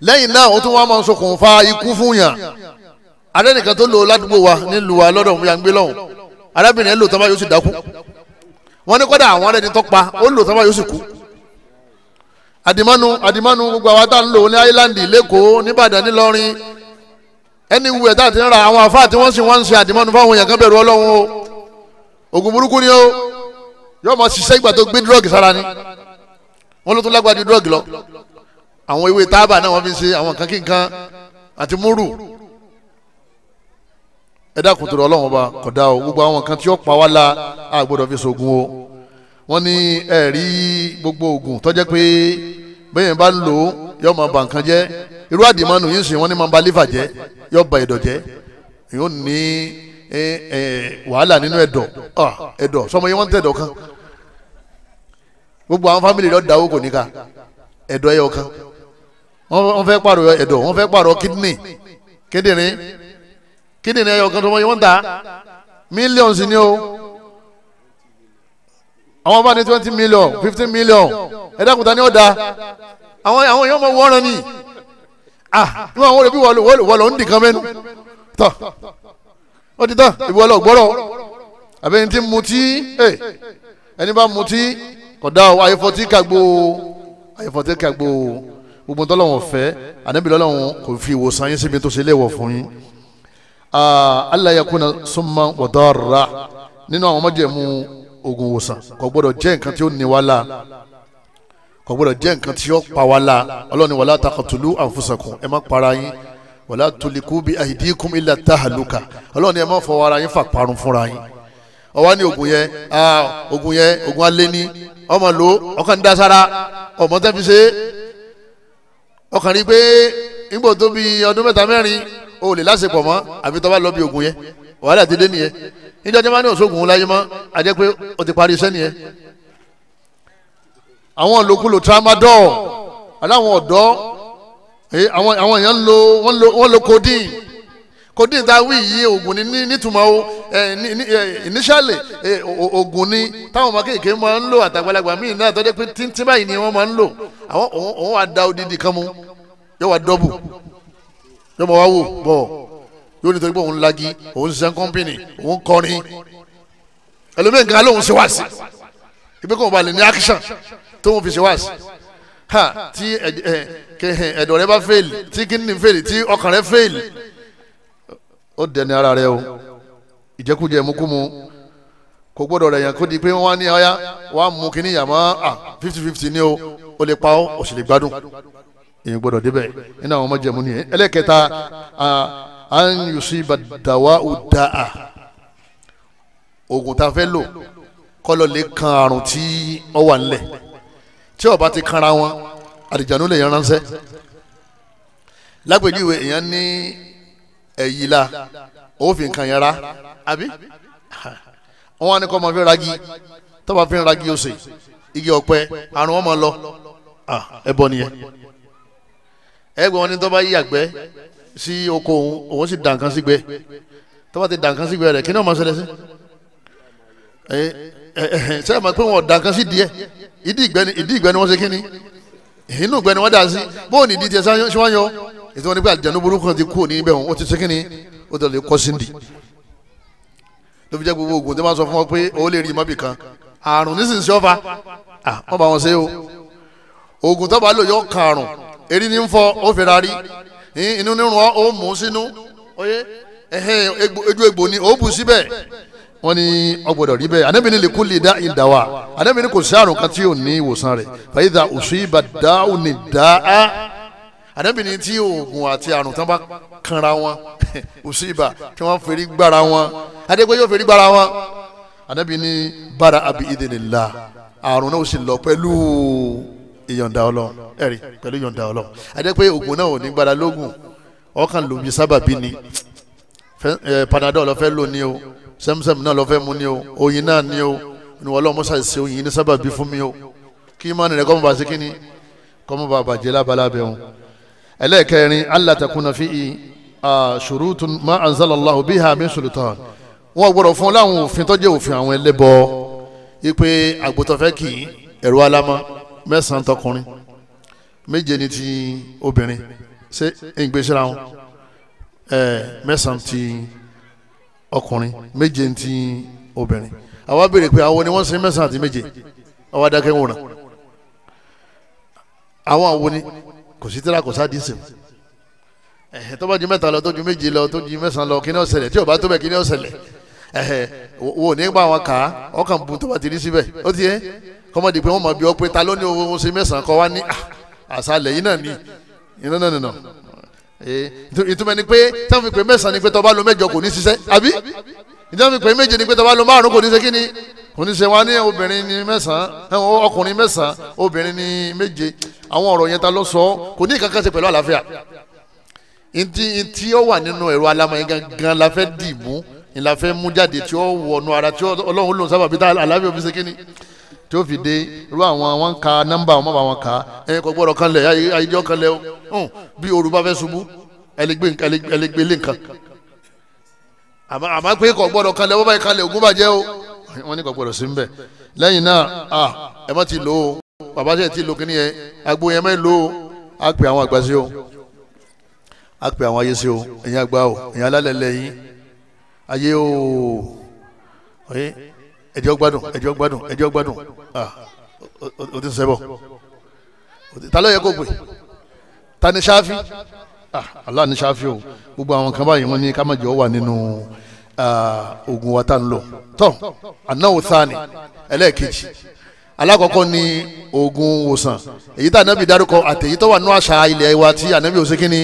lẹ́yìn náà ó tún wá máa ń ṣokùnfà ikú fún yàn arẹ́nìkan tó lò ládùúgbò wa nílùú wa lọ́dọ̀ òun yà ń gbé lọ́hùn arábìnrin ẹ̀ lò tọ́ba yóò sì dákú wọ́n ní kọ́dà àwọn arẹ́ni tó pa ó lò tọ́ba yóò sì kú àdìmánu àdìmánu gbogbo àwa tá à lò ní island lẹ́kọ̀ọ́ nìbàdàn nìlọrin ẹni wù ẹ̀ tá à ti ń ra àwọn àfáà tí wọ́n sì wọ́n ń ṣe àdìmánu fáwọn èèyàn kan bẹ̀rù ọlọ́run o oògùn burúkú ni o yóò máa ṣiṣẹ́ ìgbà tó gbé drug sára ni wọ́n ló tún lágbára ju drug lọ àwọn ewé tábà náà wọ́n fi ṣe àwọn kan kí nǹkan àti múrù ẹ dákun tó ọlọ́run ọba kódà o gbogbo àwọn kan tí ó pa wá la a gbọ́dọ̀ fi ṣoògùn o wọ́n ní ẹ̀rí gbogbo oògùn tó jẹ́ pé bẹ́ẹ̀ bá ń lò ó yóò máa bà nǹkan jẹ́ irú àdìmọ́nù yìí sìn wọ́n ní máa ba lífà jẹ́ yóò ba ẹ̀dọ̀ jẹ́ yóò ní wàhálà nínú ẹ̀dọ̀ ẹ̀dọ̀ sọmọ yẹn wọ́n ń tẹ̀dọ̀ kan gbogbo àwọn fámìlì rẹ̀ dáwó kò ní ká ẹ̀dọ̀ ẹ̀yọ̀ kan wọ́n fẹ́ pààrọ̀ ẹ̀dọ̀ wọ́n fẹ́ pààrọ̀ kídìnì kídìnrín kídìnrín ẹ̀yọ̀ kan sọmọ yẹn wọ́n ń ta mílíọ̀nù sí ni o àwọn bá ní twenty million fifteen million ẹ dákun ta ni ó da àwọn àwọn èèyàn máa wọ́ran ni ah níwọ̀n àwọn olùbí wọlọ̀ ń dìkan mẹ́nu tọ̀ ó ti tán ìwọ lọ gbọ́rọ̀ àbẹ́yìn tí mutí eh, ẹni bá mutí kódà o àyẹ̀fọ́tí kàgbó àyẹ̀fọ́tí kàgbó gbogbo tọ́lọ́wọ̀n fẹ́ ànábì lọ́lọ́wọ̀n kò fi ìwòsàn yín síbi tó ṣe léèwọ̀ fún yín ah, Allah yakuna summa wa darra nínú àwọn ọmọdé mu oògùn wòsàn kò gbọ́dọ̀ jẹ́ nǹkan tí ó ní wàhálà kò gbọ́dọ̀ jẹ́ nǹkan tí ó pa wàhálà Ọlọ́run ní wala taqtulu anfusakum ẹ má para yín wala tuliku bi aydikum illa tahaluka Ọlọ́run ní ẹ má fọwọ́ ara yín fà parun fúnra yín ọwọ́ ní oògùn yẹn oògùn yẹn oògùn alẹ́ ní ọmọ lò ọkàn dá sára ọmọ tẹ́ fi ṣe ọkàn rí pé nígbà tó bí ọdún mẹ́ta mẹ́rin o lè láṣepọ̀ mọ́ àfi tó bá lọ bí oògùn yẹn wàhálà ti dé nìyẹn níjọ́ tí wọ́n ní òṣogùn láyé mọ́ àjẹ́ pé o ti parí iṣẹ́ nìyẹn àwọn olókùlò tramadol aláwọn ọ̀dọ́ àwọn èèyàn ń lo wọ́n lo codeine codeine tá a wí yìí oògùn ni nítumọ̀ o initially oògùn ni táwọn ọmọ kéèké máa ń lò àtàgbàlagbà míì náà tọ́jú pé tíntín báyìí ni wọ́n máa ń lò àwọn òun wà da odidi kan mu yóò wà dọ́bù yóò mọ̀ wá wò bọ̀ yóò nítorí pé òun lagi òun ṣiṣẹ́ kọ́mpìnì òun kọrin ẹlòmíín kan lóun ṣe wáàsí ibi kò bá lè ní action tó ń fi ṣe wáàsí ha tí ẹ̀dọ̀ rẹ bá fèèlì tí kíndìn fèèlì tí ọkàn rẹ fèèlì ó dẹni ara rẹ o ìjẹkújẹ ìmúkúmu kò gbọ́dọ̀ rẹ̀ yàn kó di pé wọ́n wá ní ọ̀yá wọ́n á mú kínní yàmọ́ fifty fifty ni o ó lè pa ó ó sì lè gbádùn èyí gbọ́dọ̀ débẹ̀ nínú àwọn ọmọ jẹ̀mú nìyẹn ẹlẹ́kẹta an yusiba dawa udaa oògùn tá a fẹ́ lò kọ́lọ̀ lè kan àrùn tí ó wà ńlẹ̀ tí ó bá ti kanra wọn àdìjànú lè yan ránṣẹ́ lágbèjúwe èèyàn ní ẹ̀yí la òfin kan yẹn ra àbí wọn á ní kọ́ fi ragi tọ́ba fi ragi ó igi ọ̀pẹ àrùn ọmọ lọ ẹbọ nìyẹn ẹgbẹ́ wọn ní tọ́ba yí àgbẹ́ sí oko òun òun sì dànkan sígbẹ tó bá ti dànkan sígbẹ rẹ kí ni wọn máa ṣẹlẹ̀ sí ṣe é ma pé wọn dànkan sí díẹ̀ ìdí ìgbẹ́ ni ìdí ìgbẹ́ ni wọn ṣe kí ni inú ìgbẹ́ ni wọn dà sí bóun ní ìdí tiẹ̀ ṣáwáyọ ètò wọn ni pé àjẹnú burúkú kan ti kú òní ibẹ̀ wọn ó ti ṣe kí ni ó ti lè kọ́ sí ndì ló fi jẹ́ gbogbo oògùn tí wọ́n sọ fún wọn pé ó lè rí ìmọ̀bì kan àrùn nísinsìnyí ọ̀fà wọ́n bá wọn ṣe o oògùn tó bá lò yọ kàrùn erin ní ń fọ ó fẹ́ra rí inú nírun ó mú sínú oyè ejú egbò ni ó bù síbẹ̀ wọ́n ní ọgbọ́dọ̀ rí bẹ́ẹ̀ anabi ni lè kú lè dá ìdáwà anabi ni kò sí àrùn kan tí ò ní ìwòsàn rẹ̀ fàyídà òsù ibà dáhùn ní dáa anabi ni tí oògùn àti àrùn tán bá kanra wọn òsù ibà tí wọ́n fèrè gbára wọn adégbé yóò fèrè gbára wọn anabi bára abi ìdènìlá àrùn náà ó sì lọ pẹ̀lú ìyọ̀ǹda ọlọ́run ẹ̀rí pẹ̀lú ìyọ̀ǹda ọlọ́run àjẹ́ pé oògùn náà ò ní gbára lógún ọkàn lòbí sábàbí ni panadol ló fẹ́ lò ní o sẹ́mùsẹ́m náà ló mu ní o oyin náà ní o ìwọ ọlọ́run mọ́sá ṣe oyin ní sábàbí fún mi o kí imáni rẹ̀ kọ́mọba sí kíni kọ́mọba bàjẹ́ lábalábẹ́ wọn. ẹlẹ́ẹ̀kẹrin allah takuna fi i ṣurutun ma anzalallahu biha min sultan wọn gbọ́dọ̀ mẹ́sàn-án tọkùnrin méje ni ti obìnrin ṣé ìgbésíra wọn mẹ́sàn-án ti ọkùnrin méje ni ti obìnrin àwa béèrè pé àwọn ni wọ́n sin mẹ́sàn-án àti méje àwa dákẹ́ wòran àwọn àwọn ni kò sí tíra kò sá dísìn ẹ̀hẹ̀ tó bá ju mẹ́ta lọ tó ju méje lọ tó ju mẹ́sàn-án lọ kí ni ó ṣẹlẹ̀ tí o bá tó bẹ́ẹ̀ kí ni ó ṣẹlẹ̀ ẹ̀hẹ̀ wò ní bá wọn kà á ọkàn bu tó ti rí síbẹ̀ ó ti yẹ kọ́mọ̀dé pé wọ́n mọ̀ bí ọ pé ta ló ní ohun ṣe mẹ́sàn-án kọ́ wá ní ah, àṣàlẹ̀ yìí náà ni iná náà nìna ìtumọ̀ ni pé táwọn fi pé mẹ́sàn-án ni pé tọ́ba lo mẹ́jọ kò ní ṣiṣẹ́ àbí ìjọba fi pé méje ni pé tọ́ba lo márùn kò ní ṣe kí ni kò ní ṣe wá ní obìnrin ní mẹ́sàn-án ọkùnrin mẹ́sàn-án obìnrin ní méje àwọn ọ̀rọ̀ yẹn ta ló sọ kò ní kankan ṣe pẹ̀lú àlàáfíà ntí ntí ó wà nínú ẹ̀rọ alamọ̀yìn gangan la fẹ́ dì mú mú jáde tí ó wọnú ara tí ọlọ́run lòun sábà bí tá àlàáfíà òfin ṣe kí ni tí ó fi dé irú àwọn wọn ń ka nọ́mbà wọn má bá wọn kà ẹ kò gbọ́dọ̀ kan lẹ̀ ayíjọ kan lẹ̀ o bí ooru bá fẹ́ ṣubú ẹlẹgbẹ lé nǹkan àmọ́ pé kò gbọ́dọ̀ kan lẹ̀ wọ́n bá yẹ kan lẹ̀ ògún bàjẹ́ o wọ́n ní kò gbọ́dọ̀ sí nbẹ̀ lẹ́yìn náà a ẹ má ti lò ó bàbá sẹ ti lò kíní yẹn agbo yẹn má lò ó á pè àwọn àgbà sí o á pè àwọn ayé sí o ẹ̀yin àgbà o ẹ̀yin alálẹ̀ lẹ́yìn ayé o ẹ̀jẹ̀ ọgbádùn ẹ̀jẹ̀ ọgbádùn ẹ̀jẹ̀ ọgbádùn ah, o ti sẹ́bọ̀ ta ló yẹ kó pè ta ni ṣáfi ah, Allah ni ṣáfi o gbogbo àwọn kan báyìí wọ́n ní ká má jẹ́ ọ wà nínú ah, oògùn wa tá n lò tọ́ anáwó sáni ẹlẹ́ẹ̀kejì alákọ̀ọ́kọ́ ni oògùn wòsàn èyí tá ànábì dárúkọ àtẹ̀yí tó wà nínú àṣà ilẹ̀ wa tí ànábì ò sí kínní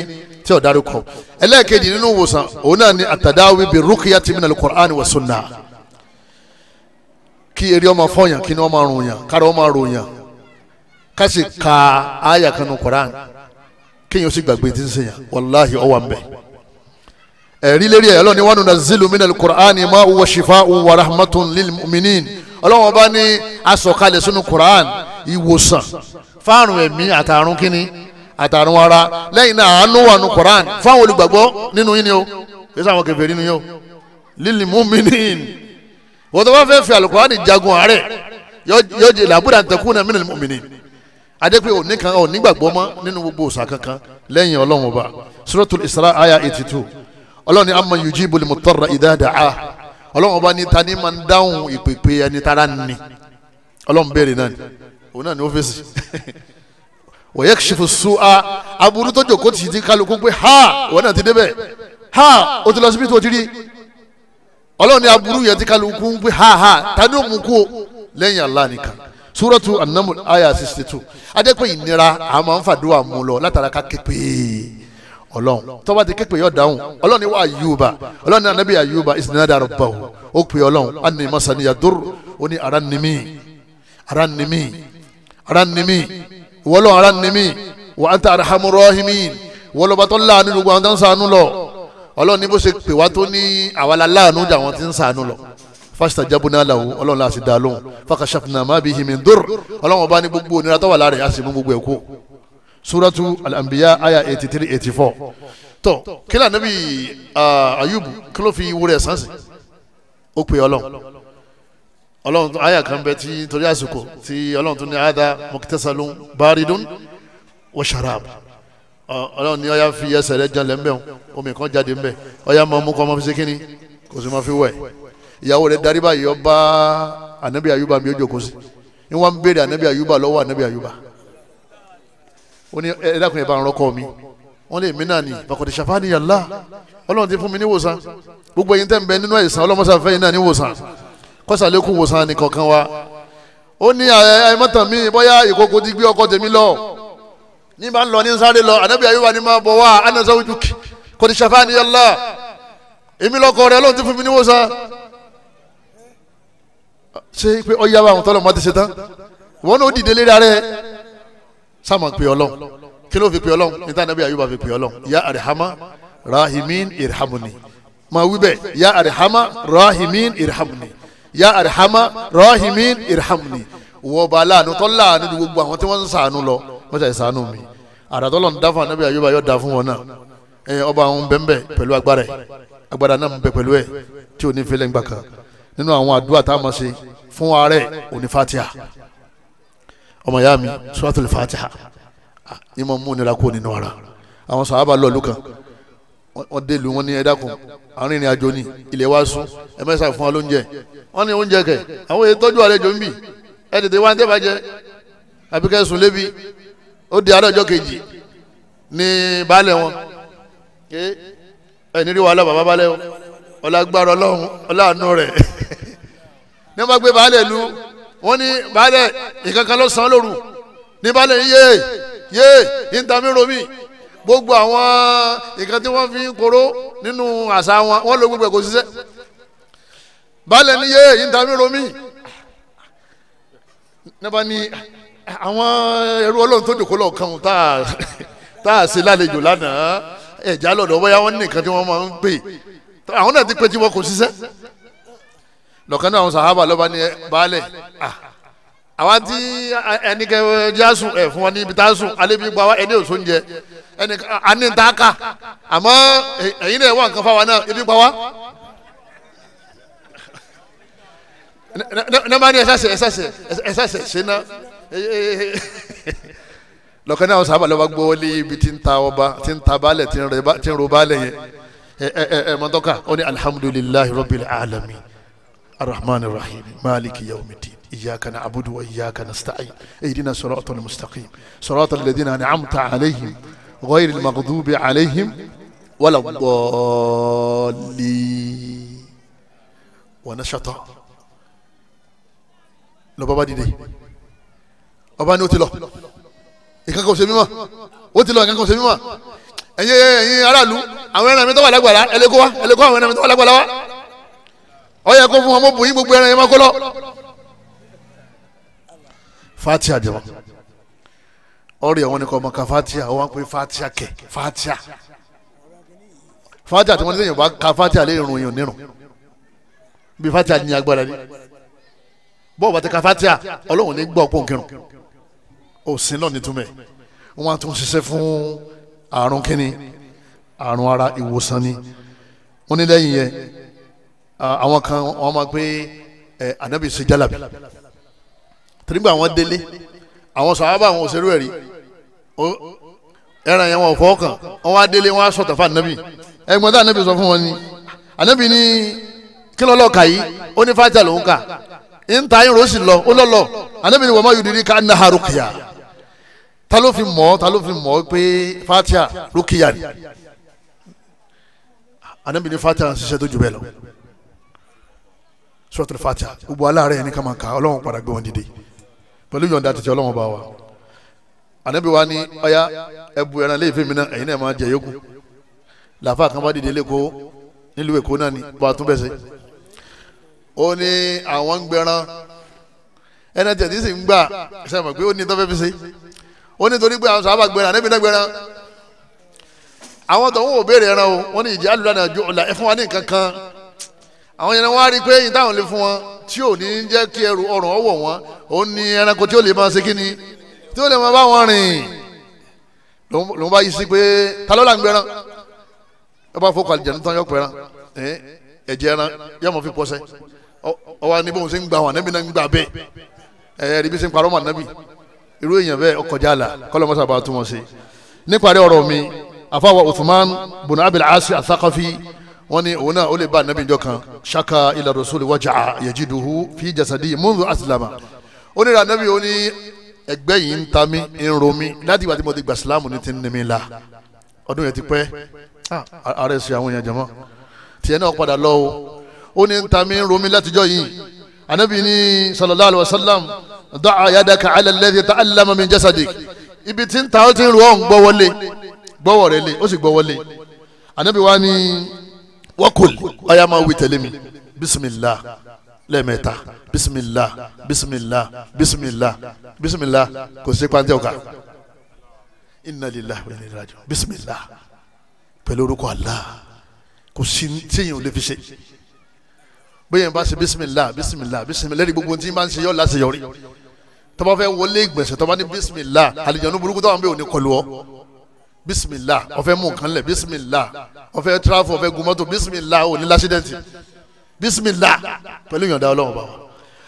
tí ò dárúkọ ẹlẹ́ẹ̀kejì nínú wòsàn òun náà ni àtàdáwí bi rúkìá tìmínà al-Qur'an wa sunnah kí eré ọmọ fọyàn kí ni ọmọ ròyàn kára ọmọ ròyàn ká sì ka àyà kan nu koran kéèyàn sì gbàgbé tí ń sèyàn wàláhi ọwà mbẹ ẹ̀rí lérí ẹ̀ ọlọ́ni wọnú nazilu minal qur'ani ma huwa shifa'un wa rahmatun lil mu'minin ọlọ́wọ́n bá ní asọ̀kalẹ̀ sínú qur'an ìwòsàn fáàrùn ẹ̀mí àtàrùn kínní àtàrùn ara lẹ́yìn náà àánú wà nù qur'an fáwọn olùgbàgbọ́ nínú yín ni o yẹ́sà àwọn kẹfẹ́ nínú yín o lil mu'minin wọ́n tó bá fẹ́ fi àlùkòránì jagun àárẹ̀ yóò jẹ làbúdà tẹkùn náà minal mu'minin adépè òní kan òní gbàgbọ́ mọ́ nínú gbogbo òòsà kankan lẹ́yìn ọlọ́run ọba suratul isra aya eighty two ọlọ́run ni amman yujibul mutarra idha da'ah ọlọ́run ọba ní ta ni máa ń dáhùn ìpèpè ẹni tara ni ọlọ́run béèrè náà ni òun náà ni ọ́fíìsì wa yakshifu su'a aburú tó ọlọ́run ní aburú yẹn ti kálukú ń pè ha ha ta ni ó mú kú o lẹ́yìn Allah nìkan suratu an-naml aya sixty two adẹ́pẹ́ ìnira a máa ń fàdúrà mú lọ látara ká képe ọlọ́run tọ́ba ti képe yọ dáhùn ọlọ́run ní wà ayúbà ọlọ́run ní anabi ayúbà isnada rabbahu ó pè ọlọ́run anni masaniya dur ó ní ara nimi ara nimi ara nimi wọlọ́run ara nimi wa anta arhamur rahimin wọlọ́ba tó láàánú gbogbo àwọn tó ń lọ ọlọ́run ní bó ṣe pè wá tó ní àwa la láàánú jà wọ́n ti ń sàánú lọ fastajabna lahu ọlọ́run láti dá lóhùn fakashafna ma bihi min dur ọlọ́run ọba ní gbogbo onira tó wà lára yà gbogbo ẹ̀ suratu alambiya aya eighty three eighty four tó kílà níbi ayubu kí ló fi wúrẹ̀ sánsì ó pè ọlọ́run ọlọ́run tó aya kan bẹ tí torí àsìkò tí ọlọ́run tó ní ada muktasalun baridun wa sharab ọlọ́run ní ọ̀yá fi ẹsẹ̀ rẹ jalè ń bẹ̀ wọn omi kan jáde ń bẹ̀ ọ̀yá máa mú kọ́ ọmọ fi ṣe kínní kò sì máa fi wẹ̀ ìyàwó rẹ darí báyìí ọba ànábì àyùbá mi ó jókòó sí ni wọ́n ń béèrè ànábì àyùbá lọ́wọ́ ànábì àyùbá ó ní ẹ dákun ẹ̀ bá ń rọ́kọ̀ mi wọ́n lè mí náà ni bàkọ̀dé ṣàfáàní yàrá ọlọ́run ti fún mi ní wòsàn gbogbo ẹ̀yin tẹ́ ń bẹ nínú ẹ̀sán ọlọ́mọṣàfẹ́ yìí náà ní wòsàn kọ́sàlékún wòsàn ni kọ̀ọ̀kan wa ó ní àyè mọ́tàn mi bóyá ìkókó ti gbé ọkọ tèmi lọ ní bá ń lọ ní sáré anabi ayuba ni máa bọ̀ wá ana zawjuki kò ní ṣàfà ní yàrá èmi lọkọ rẹ lóun ti fún mi ní wòsàn ṣé pé ọyá wa àwọn tọ́lọ̀ ti ṣe tán wọn ò dìde léra rẹ sáàmù pé ọlọ́run fi pé ọlọ́run níta anabi ayuba fi pé ya arihama rahimin irhamuni ma wí bẹ́ẹ̀ ya arihama rahimin irhamuni ya arihama rahimin irhamuni wọ́n ba láàánú tọ́ láàánú gbogbo àwọn tí wọ́n ń sàánú lọ mọ́sá ìsànú mi àràtọ́lọ́ ń dá fún anábì ayọ́bá yọ̀ dá fún wọn náà ẹ̀yìn ọba àwọn bẹ́ńbẹ́ pẹ̀lú agbára ẹ̀ agbára náà ń bẹ pẹ̀lú ẹ̀ tí ò ní fi lẹ́yìn gbàkan nínú àwọn àdúrà tá a máa ṣe fún ààrẹ òní fatiha ọmọ ìyá mi suratul fatiha ni mo mú nira kúrò nínú ara àwọn sàhábà lọ lùkàn wọ́n dé lu wọn ní ẹ̀dá kan arìnrìn àjò ni ilẹ̀ wa sún ẹ mẹ́sà fún wa lóúnjẹ wọ́n ní oúnjẹ kẹ̀ àwọn èyí tọ́jú àlejò ń bì ẹ̀ tètè wá ń tẹ́ bàjẹ́ àbíkẹ́ sùn lébi ó di adájọ́ kejì ní baálẹ̀ wọn ẹ nírí wàhálà bàbá baálẹ̀ wọn ọlágbára ọlọ́run ọláàánú rẹ̀ ní wọ́n bá gbé baálẹ̀ lu wọ́n ní baálẹ̀ nǹkan kan ló san lóru ní baálẹ̀ yé yé ní gbogbo àwọn nǹkan tí wọ́n fi ń koro nínú àṣà wọn wọ́n lo gbogbo ẹ̀ kò ṣiṣẹ́ baálẹ̀ ní yé ní ní wọ́n ní àwọn ẹrú ọlọ́run tó dòkó lọ́ọ̀kan tá a ṣe lálejò lánàá ẹ̀já lọ́dọ̀ bóyá wọ́n ní nǹkan tí wọ́n máa ń pè àwọn náà ti pé tí wọ́n kò ṣiṣẹ́ lọ́kàn náà àwọn sàhábà lọ́ba ní baálẹ̀ àwa tí ẹnikẹ́ jásù ẹ̀ fún wa ní ibi tá a sùn alẹ́ bí gba wa ẹni òṣò ń jẹ ẹni àní ń ta ká àmọ́ náà wà nǹkan fáwa náà ibi gba wa. ne ne ne ma ni ẹsẹ ẹsẹ ẹsẹ ẹsẹ ṣe náà lọ́kàn náà sábà lọ́ba gbowó lé ibi tí ń ta ọba tí ń ta baálẹ̀ tí ń ro baálẹ̀ yẹn ẹ ẹ ẹ mọ́tọ́kà ó ní alhamdulillahi rabbil alamin arrahman arrahim maliki yawmiddin إياك نعبد وإياك نستعين اهدنا صراط المستقيم صراط الذين أنعمت عليهم غير المغضوب عليهم ولا الضالين ونشطا لبابا دي, دي ọba ni ó ti lọ ìkankan òsè mímọ ó ti lọ ìkankan òsè mímọ ẹ̀yin ẹ̀yin aráàlú àwọn ẹran mi tó wà lágbàlá ẹlẹkọ wa ẹlẹkọ àwọn ẹran mi tó wà lágbàlá wa ó yẹ kó fún wọn mo bù yín gbogbo ẹran yẹn má kó lọ fatia jẹmọ ọrẹ àwọn nìkan ọmọ kan fatia ó wá ń pè fatia kẹ fatia fatia tí wọn ní lẹ́yìn wá ka fatia lè rún yìí nírun bí fatia ní agbára ni bọ́ọ̀ bá ti ka fatia ọlọ́run ní gbọ́ ọ̀pọ̀ nkírun òsín lọ́ọ̀ nítumẹ̀ wọ́n á tún ṣiṣẹ́ fún àrùn kínní àrùn ara ìwòsàn ni wọ́n ní lẹ́yìn yẹn àwọn kan wọ́n máa pé ànábì ṣe jálàbí tìrìgbà wọn délé àwọn sàhábà àwọn òṣèré ẹ̀rí ẹran yẹn wọn fọ́ kàn wọn wá délé wọn á sọ̀tọ̀ fún ànábì ẹgbọ́n tí ànábì sọ fún wọn ni ànábì ní kí lọ́lọ́ ó ní fájà lòún kà ń ta irun ó sì lọ ó lọ́lọ́ ànábì ní wọ́n má yòó dídí ká ń na harukiya ta ló fi mọ̀ ta ló fi mọ̀ pé fatia rukiya ni anabi ni fatia ṣiṣẹ́ tó jù bẹ́ẹ̀ lọ suratul fatia gbogbo aláàárẹ̀ ẹni ká máa ka ọlọ́run padà gbé wọn dìde pẹ̀lú yọ̀ǹda títí ọlọ́run bá wa anabi wa ni ọya ẹbu ẹran léèfé mi náà ẹ̀yin náà máa jẹ yókù làfa kan bá dìde lẹ́kọ́ nílùú èkó náà ni bá a tún bẹ̀ ó ní àwọn gbẹran ẹni tẹ̀sí sì ń gbà ṣe ó ní tọ́fẹ́ fi ṣe ó ní torí pé àwọn sàhábà gbẹran níbi náà gbẹran àwọn tó ń wò béèrè ẹran o wọ́n ní ìjà àlùdá náà ju ọ̀la ẹ fún wa ní nǹkan kan àwọn yẹn wá rí i pé èyí táwọn lè fún wọn tí ò ní jẹ́ kí ẹrù ọrùn ọwọ́ wọn ó ní ẹranko tí ó lè máa ṣe kí ni tí ó lè máa bá wọn rìn lòun bá yí sí pé ta ló là ń gbẹran ẹ bá fọkàn àlìjẹ nítorí ọpẹ ẹran ẹ̀jẹ̀ ẹran yóò mọ fi pọsẹ ọwọ anibohun ṣe ń gbà wọn anabi náà ń gbà bẹ́ẹ̀ ẹ ẹ ẹdí irú èèyàn bẹ́ẹ̀ ọkọjá la kọ́lọ́mọ́sá bá túmọ̀ sí níparí ọ̀rọ̀ mi àfàwọ̀ Uthman bùnà abil asi asakafi wọ́n ní òun náà ó lè bá anabi jọ kan ṣaka ilà rasuli wájà yajiduhu fi jasadi mundu asilama ó ní anabi ó ní ẹgbẹ́ yìí ń ta mí ń ro mi láti ìgbà tí mo ti gbà sílámù ní ti ń ní mi la ọdún yẹn ti pẹ́ ah, ààrẹ ṣe àwọn èèyàn jẹmọ́ tiẹ̀ náà padà lọ ó ní ń ta mí ń ro mi látijọ́ yìí anabi ní sallallahu alayhi wa sallam da'a yadaka ala alladhi ta'allama min jasadik ibi tí ń ta ó ti ń ru ọ̀hún gbọ́wọ́lé gbọ́wọ́ rẹ lé ó sì gbọ́wọ́lé anabi wa ni wakul ọ̀yà máa wí tẹ̀lé mi bisimilah lẹ́ẹ̀mẹ́ta bisimilah bisimilah bisimilah bisimilah kò sí pàǹtẹ́ ọ̀ka inna lillahi wa inna ilayhi raji'un bisimilah pẹ̀lú orúkọ Allah kò sí tíyẹn ò lè fi ṣe bóyá n bá ṣe bisimilah bisimilah bisimilah lẹ́yìn gbogbo tí n bá ń ṣe yọ láṣeyọrí tó bá fẹ́ wọlé ìgbẹ̀nsẹ̀ tó bá ní bisimilá àlìjànnú burúkú tó wà ń bẹ̀ òní kọlu ọ bisimilá ó fẹ́ mú nǹkan lẹ̀ bisimilá ó fẹ́ tíráfù ó fẹ́ gun mọ́tò bisimilá òní lásídẹ̀ntì bisimilá pẹ̀lú ìyọ̀ǹda ọlọ́run bá wa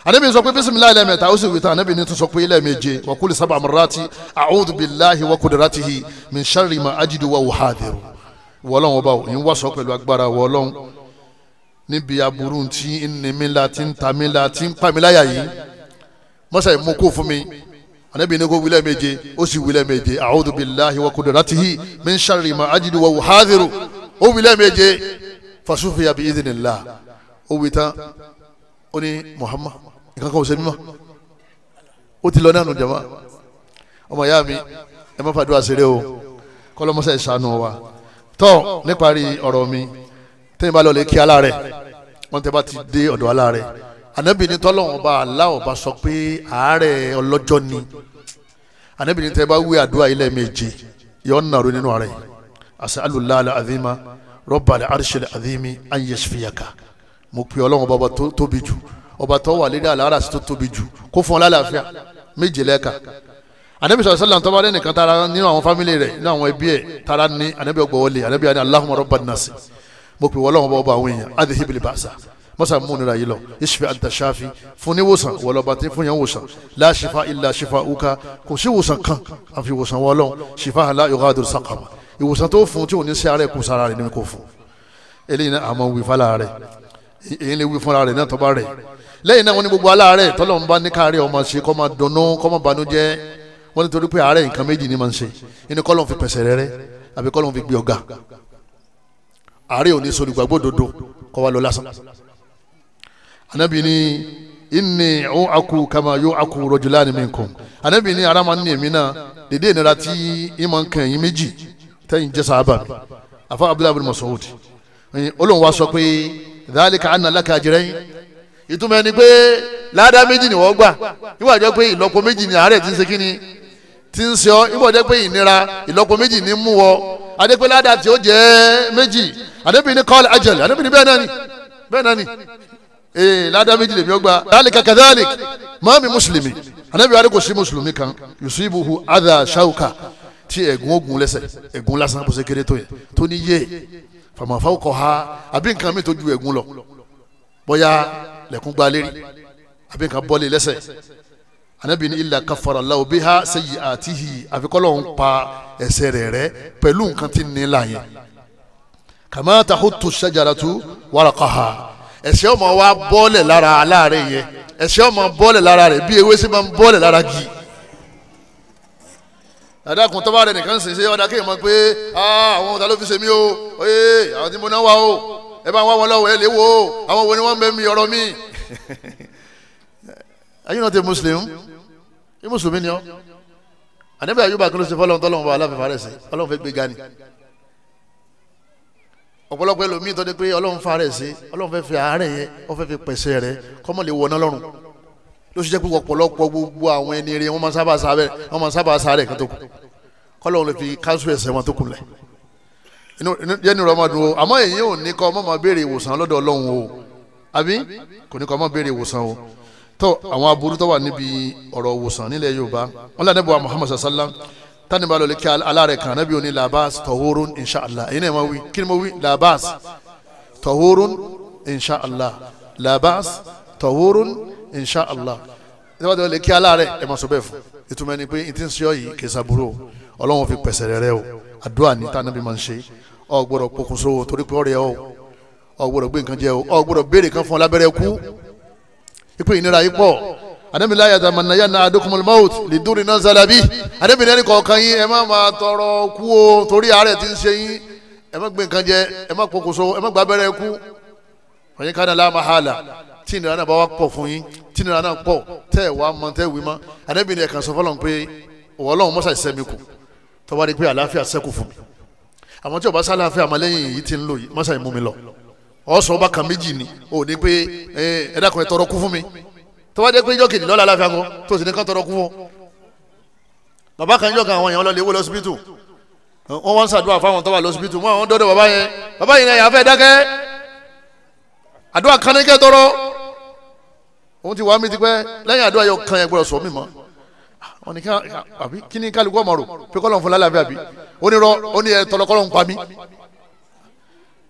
anabi sọ pé bisimilá lẹ́ẹ̀mẹ́ta ó sì wí tán anabi ní tún sọ pé lẹ́ẹ̀méje wa kúlì sábà amúrati a'udhu billahi wa kudratihi min sharri ma ajidu wa uhadiru wọlọ́n ọba ò yín wá mọ́sá yìí mú kó fún mi anabi ní kó wílẹ̀ méje ó sì wílẹ̀ méje a'udhu billahi wa qudratihi min sharri ma ajidu wa uhadhiru ó wílẹ̀ méje fasufiya bi idhnillah ó wí tán ó ní muhammad nǹkan kan ò sẹ́mi mọ́ ó ti lọ nánu jama ọmọ ìyá mi ẹ má fàdúrà ṣeré o kọlọmọsẹ ìṣàánú wa tọ níparí ọ̀rọ̀ mi tẹ́yìn bá lọ lè kí aláàrẹ̀ wọ́n tẹ́ bá ti dé ọ̀dọ̀ aláàrẹ̀ anabi ni tọ́lọ́wọ́n bá Allah bá sọ pé àárẹ̀ ọlọ́jọ́ ni anabi ni tẹ́ bá wí àdúrà ilẹ̀ méje yọ̀ọ́ nàró nínú ara yìí as'alullah al-azima rabbal arshil azimi an yashfiyaka mo pe ọlọ́wọ́n bá ọba tó tóbi jù ọba tó wà lédè àlàárà sí tó tóbi jù kó fún ọ lálàáfíà méje lẹ́ka anabi sọ̀rọ̀ sọ́lá tọ́ba rẹ̀ nìkan tara nínú àwọn fámìlì rẹ̀ nínú àwọn ẹbí ẹ̀ tara ní anabi ọgbọ̀wọ́lẹ̀ anabi ani allahumma rabban nasi mo pe ọlọ́wọ́n bá ọba àwọn èèyàn adhihibil ba'sa mọ́sá mú nira yìí lọ ìṣẹ̀fẹ̀ àti ṣáfi fún ní wòsàn wọlọ́ba tí fún yẹn wòsàn láṣìfà ilà ṣìfà uka kò sí wòsàn kan àfi wòsàn wọlọ́ ṣìfà àlá yughadiru saqama ìwòsàn tó fún tí ò ní sí ara ẹ̀kún sára rẹ̀ ní kò fún eléyìí náà àmọ́ wí fálá rẹ̀ èyí lè wí fúnra rẹ̀ náà tọ́ba rẹ̀ lẹ́yìn náà wọ́n ní gbogbo aláàárẹ̀ tọ́lọ́run bá ní káàárẹ̀ ọmọ ṣe kó máa dunnú kó máa banújẹ́ wọ́n nítorí pé àárẹ̀ nǹkan méjì ni máa ń ṣe inú kọ́lọ́n fi pẹ̀sẹ̀ rẹ́rẹ́ àbí kọ́lọ́n fi gbé ọ̀gá àárẹ̀ ò ní sọ olùgbàgbọ́ òdodo kọ́ wa lọ lásán anabi ni inni o aku kama yo aku rojulani minkum anabi ni arama ni èmi náà dede nira ti ima nkan yin méjì tẹyin jẹ sahaba mi afa abdullahi bin masoud olóhùn wa sọ pé dhalika anna laka ajrayn ìtumọ̀ ẹni pé ládàá méjì ni wọ́n gbà ìwà jẹ́ pé ìlọ́po méjì ni àárẹ̀ ti ń ṣe kí ni ti ń ṣe ọ́ ìwà jẹ́ pé ìnira ìlọ́po méjì ni mú wọ adépé ládàá tí ó jẹ́ méjì adébìnrin kọ́ọ̀lì ajẹ́lì adébìnrin bẹ́ẹ̀ náà ni bẹ́ẹ̀ náà ni ee eh, ládàá méjì lèmi ó gba dhalika kadhalik mami mùsùlùmí anabi wa kò sí mùsùlùmí kan yusibuhu adha shauka tí ẹ̀gún ogun lẹ́sẹ̀ ẹ̀gún lásán bó ṣe kéré tó yẹ tó ní yé fàmàfà kọ ha àbí nǹkan mi tó ju ẹ̀gún lọ bóyá lẹ́kún gba lérí àbí nǹkan bọ́lé lẹ́sẹ̀ anabi ni illa kafara Allahu biha sayyi'atihi àfikọ́lọ́ ń pa ẹ̀ṣẹ̀ rẹ̀ rẹ́ pẹ̀lú nǹkan tí ń ní láàyè kama tahutu shajaratu waraqaha ẹ̀ṣẹ̀ ọmọ wa bọ́ọ̀lẹ̀ lára aláàárẹ̀ yẹn ẹ̀ṣẹ̀ ọmọ bọ́ọ̀lẹ̀ lára rẹ̀ bí ewé sì máa ń bọ́ọ̀lẹ̀ lára gì. àdàkùn tọ́ba rẹ̀ nìkan ṣe ṣe kéèyàn mọ̀ pé àwọn ọ̀tá ló fi ṣe mí o ee àwọn tí náà wà o ẹ bá wọn wọn lọ́wọ́ ẹ lè wo àwọn wo ni wọ́n bẹ mi ọ̀rọ̀ mi. Are you not a Muslim? Mùsùlùmí ni ọ́ àníbẹ̀ àyùbá kí ló ṣe fọ́ ọ̀pọ̀lọpọ̀ ẹlòmíì tó dé pé ọlọ́run fa rẹ̀ sí ọlọ́run fẹ́ fi àárẹ̀ yẹn ó fẹ́ fi pẹ̀sẹ̀ rẹ̀ kọ́mọ lè wọná lọ́rùn ló ṣe jẹ́ pé ọ̀pọ̀lọpọ̀ gbogbo àwọn ẹni rẹ̀ wọ́n máa sábà sáré wọ́n máa sábà sáré kan tó kù kọ́lọ́run lè fi káṣù ẹ̀sẹ̀ wọn tó kù lẹ̀ yẹnu rẹ̀ ọmọdún o àmọ́ èyí ò ní kọ́ ọmọ máa béèrè ìwòsàn lọ́dọ̀ ọlọ́run o àbí kò ní kọ́ ọmọ béèrè ìwòsàn o tó àwọn aburú tó wà níbi ọ̀rọ̀ ìwòsàn nílẹ̀ tani b'a lori kí alaare kan nabi oni labas tọhurun inshallah yìí ne ma wi kí ni ma wi labas tọhurun inshallah labas tọhurun inshallah ne b'a lori kí alaare ẹ ma sọ bẹ́ẹ̀ fún ìtumọ̀ ni pé n ti sọ yìí kesa buru Ọlọ́run fi pẹ̀sẹ̀ rẹ̀ rẹ̀ o àdúrà ni tani bi ma ṣe ọ gbọ́dọ̀ pokùnso o torí pé ọ̀rẹ́ o ọ gbọ́dọ̀ gbé nǹkan jẹ o ọ gbọ́dọ̀ béèrè kan fún ọ lábẹ́rẹ́ kú ipò ìnira yìí pọ̀ anabi la yatamanna yanna adukumul maut liduri náà zalabi anabi nani kọ̀ọ̀kan yín ẹ má máa tọrọ kú o torí àárẹ̀ tí ń ṣe yín ẹ má gbé nǹkan jẹ ẹ má pokùnso ẹ má gba abẹ́rẹ́ kú ọ̀yìn kan náà la mahala tí ìnira náà bá wà pọ̀ fún yín tí ìnira náà pọ̀ tẹ́ ẹ̀ wá mọ tẹ́ ẹ̀ wí mọ́ anabi ni ẹ̀kan sọ fọlọ́n pé ọ̀wọ́ ọlọ́run mọ́sà ṣiṣẹ́ mi kù tọ́ba ni òní pé ẹ̀ẹ́dàkùnrin tọrọ kú fún mi tó wá dé pé jọ́kejì lọ́la aláfíà kan tó sì ní ká tọrọ kú fún bàbá kan jọ̀kan àwọn èèyàn lọ lè wó lọ́sibítù wọ́n wọ́n ń ṣàdúrà fáwọn tó wà lọ́sibítù wọ́n àwọn dọ́dọ̀ bàbá yẹn bàbá yẹn yà á fẹ́ dákẹ́ àdúrà kan ní kẹ́ tọrọ òun ti wà mí ti pẹ́ lẹ́yìn àdúrà yóò kan yẹn gbọ́dọ̀ sọ mí mọ́ wọn ni àbí kí ni kálukú ọmọ rò pé kọ́lọ̀ fún lálàbí àbí ó ní rọ pa mí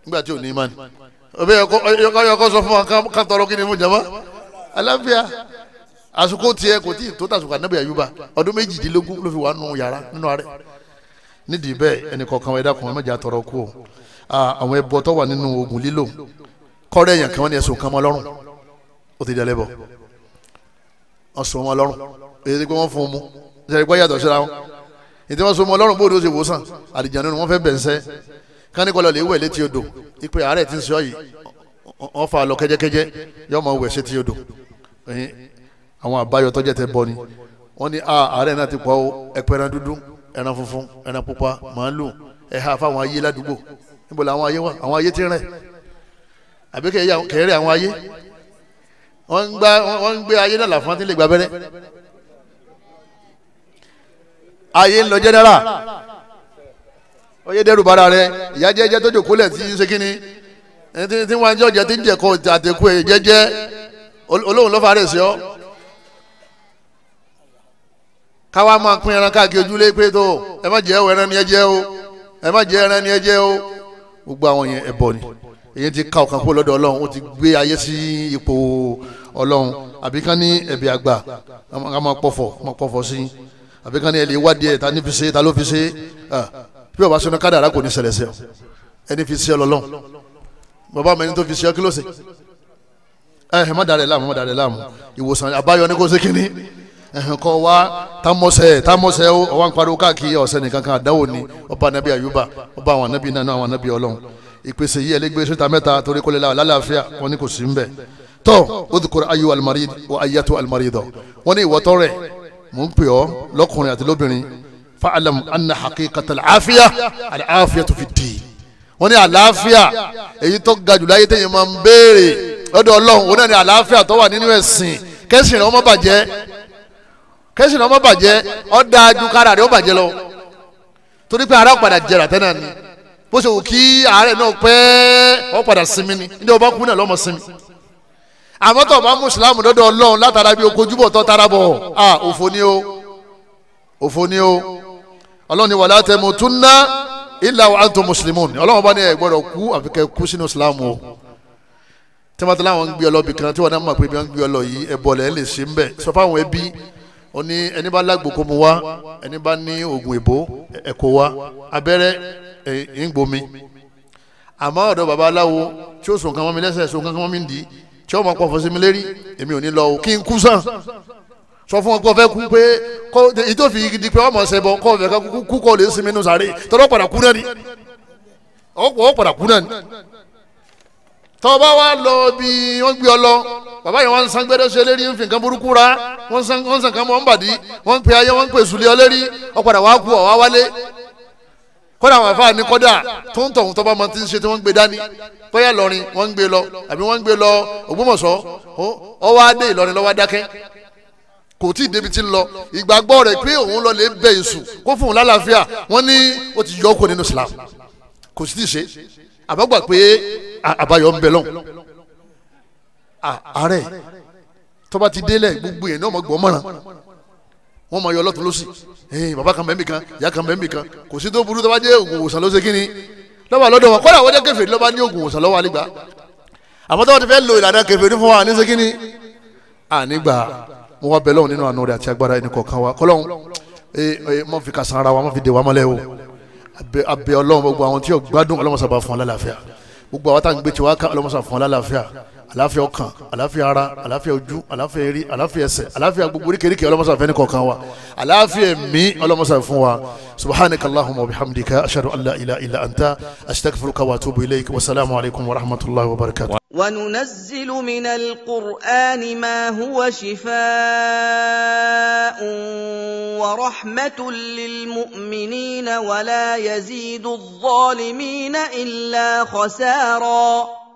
nígbà tí ò ní ìmánì òbí yọkọ sọ fún wa ká tọrọ kí ni fún jama aláfíà àsìkò tiẹ̀ kò tí ì tó tàṣùkò ànábì àyùbá ọdún méjìdínlógún ló fi wà nù yàrá nínú ààrẹ nídìí bẹ́ẹ̀ ẹnì kọ̀ọ̀kan ẹ̀dá kan mẹ́jà tọrọ kú o àwọn ẹbọ tó wà nínú oògùn lílò kọ́rẹ́ èèyàn kan wọ́n ní ẹ̀sùn kan mọ́ lọ́rùn ó ti dalẹ̀ bọ̀ wọ́n sọ mọ́ lọ́rùn èyí pé wọ́n fún un mu ṣẹlẹ̀ pé yàtọ̀ síra wọn ètò wọn sọ mọ́ lọ́rùn bóòdù ó ṣe wòsàn àlìjánu ni wọ́n fẹ́ bẹ̀ ń sẹ́ kánikọ́lọ́ lè wẹ̀ létí odò ipe àárẹ̀ ti ń sọ yìí wọ́n fa lọ kẹ́jẹ́kẹ́jẹ́ yóò máa wẹ̀ sétí odò àwọn àbáyọ tọ́jẹ́ tẹ bọ́ ni wọ́n a ah, àárẹ̀ náà ti pọ̀ o ẹ̀pẹ̀rẹ̀ dúdú ẹran funfun ẹran pupa màálù ẹ̀ha fáwọn ayé ládùúgbò níbo làwọn ayé wà àwọn ayé ti rẹ̀ àbí kẹ̀rẹ́ àwọn ayé wọ́n ń gbé ayé náà làfọ́n tí ń lè gba abẹ́rẹ́ ayé ń lọ jẹ́nẹ́rà ó yẹ dẹ́rù bára rẹ̀ ìyá jẹ́jẹ́ tó jòkó lẹ̀ tí ń ṣe kí ni ẹni tí wọn jẹ ọjà tí ń jẹ kọ àtẹkù ẹ jẹjẹ olóhùn lọfà rẹ sí ọ káwa máa pín ẹran káàkiri ojúlé pé tó ẹ má jẹ ẹran ni ẹ jẹ o ẹ má jẹ ẹran ni ẹ jẹ o gbogbo àwọn yẹn ẹbọ ni èyí ti ká ọkàn kó lọ́dọ̀ Ọlọ́run ó ti gbé ayé sí ipò Ọlọ́run àbí ká ní ẹbí àgbà ká máa pọfọ máa pọfọ sí àbí ká ní ẹ lè ẹ ta ní fi ṣe ta ló fi ṣe bí ọba sínú kádàrá kò ní ṣẹlẹ̀ sí ẹni fi ṣe Ọlọ́run bàbá mi ní tó fi ṣe kí ló ṣe ẹ eh, ẹ má dàrẹ láàmú má dàrẹ láàmú ìwòsàn àbáyọ ní kò ṣe kíní ẹhìn eh, kọ wá tamọsẹ tamọsẹ ó ọwọ ń pariwo káàkiri ọsẹ nìkan kan àdáwò ni ọba anabi ayuba ọba àwọn anabi náà àwọn anabi Ọlọ́run ìpèsè yìí ẹlẹgbẹ síta mẹ́ta torí kọlẹ láwà lálàáfíà wọn ni kò sí ń bẹ tọ ó ti kọrọ ayu almarid wa ayatu almaridọ wọn ni ìwọtọ rẹ mò ń pè ọ lọkùnrin àti lóbìnrin fa'alam anna haqiqata al'afiya al'afiya tó fi dìí wọ́n ní àlàáfíà èyí tó ga jù láyé téèyàn máa ń béèrè lọ́dọ̀ ọlọ́run òun náà ní àlàáfíà tó wà nínú ẹ̀sìn kẹ́sìn rẹ̀ ọmọ bàjẹ́ kẹ́sìn rẹ̀ ọmọ bàjẹ́ ó dáa jù kára rẹ̀ ó bàjẹ́ lọ torí pé ara padà jẹrà tẹ́nà ni bó ṣe wù kí àárẹ̀ náà pẹ́ ọ padà sinmi ni ní ọba kú náà lọ́mọ sinmi àmọ́ tó bá mùsùlùmí dọ́dọ̀ ọlọ́run látara bí okojúbọ̀ tó tara bọ̀ à òfò ni o òfò ni o ọlọ́run ni wàlá tẹ̀mú túnná illa wa antum muslimun ọlọ́wọ́n bá ní ẹ̀ gbọ́dọ̀ kú àfi kẹ́ kú sínú islam o tẹ́mọ́tẹ́ láwọn ń gbé ọ lọ bì kan tí wọ́n náà mọ̀ pé bí wọ́n ń gbé ọ lọ yìí ẹ̀bọ̀ lẹ́ lè ṣe ń bẹ̀ sọ fáwọn ẹbí ó ní ẹni bá lágbo kó mu wá ẹni bá ní oògùn ìbò ẹ̀kọ́ wá abẹ́rẹ́ ìgbòmi àmọ́ ọ̀dọ̀ baba aláwo tí ó sùn kan mọ́ mi lẹ́sẹ̀ sùn kan mọ́ mi dì tí ó mọ̀ pọ̀ fọ́sí mi lérí èmi ò ní lọ kí n kú sàn sọ fún ọ kó fẹ́ kú pé kó ìtòfi di pé ọmọ ṣe bọ kó fẹ́ kú kó lè sinmi nù sáré tọ́lọ́ padà kú náà ni ọ̀pọ̀ padà kú náà ni tọ́ba wa lọ bí wọ́n gbé ọ lọ bàbá yẹn wọ́n san gbẹ́dẹ́ ṣe lérí nfin kan burúkú ra wọ́n san wọ́n san kan mọ́ nbàdí wọ́n pe ayé wọ́n pe sùlẹ̀ ọ lérí ọ padà wá kú ọ wá wálé kódà àwọn afáà ní kódà tó ń tọ̀hún tọ́ba máa ti ń ṣe tí wọ́n gbé dání bóyá lọ́rin wọ́n gbé lọ àbí wọ́n gbé lọ Ògbómọ̀ṣọ́ ọ wá Ìlọrin lọ́wọ́ dákẹ́ kò tí ì débi tí ń lọ ìgbàgbọ́ rẹ̀ pé òun lọ lè bẹ èṣù kó fún un lálàáfíà wọ́n ní ó ti yọ kó nínú Islam kò sì ti ṣe àbágbà pé àbáyọ ń bẹ lọ́hùn àárẹ̀ tọ́ba ti délẹ̀ gbogbo yẹn náà mọ̀ gbọ́ mọ́ràn wọ́n máa yọ ọlọ́tún lọ́sì ẹ̀yìn bàbá kan bẹ́ẹ̀mì kan ìyá kan bẹ́ẹ̀mì kan kò sí tó burú tó jẹ́ oògùn òwòsàn lọ́sẹ̀ kínní lọ́wọ́ àlọ́dọ̀ wọn kọ́lá àwọn jẹ́ kẹfẹ́ ní oògùn lo ìlànà kẹfẹ́ ní fún wa ní mo wá bẹ̀ lọ́hùn nínú àánú rẹ̀ àti agbára ẹni kọ̀ọ̀kan wa kọ́lọ́hùn ee mọ̀ fi kàsan ara wa mọ̀ fi dè wá mọ́lẹ̀ o abẹ́ ọlọ́hùn gbogbo àwọn tí yóò gbádùn ọlọ́mọsàbà fún ọ lálàáfíà gbogbo àwọn tá gbé tiwa ká ọlọ́mọsàbà fún ọ lálàáfíà àlàáfíà ọkàn àlàáfíà ara àlàáfíà ojú àlàáfíà eri àlàáfíà ẹsẹ̀ àlàáfíà gbogbo oríkèéríkèé ọlọ́mọsá fẹ́ ní kọ̀ọ̀kan wa àlàáfíà ẹ̀mí ọlọ́mọsá fún wa subhanaka allahumma wa bihamdika ashhadu an la ilaha illa anta astaghfiruka wa atubu ilayk wa salaamu alaykum wa rahmatullahi wa barakatuh. وننزل من القرآن ما هو شفاء wa la yazidu يزيد الظالمين illa khasara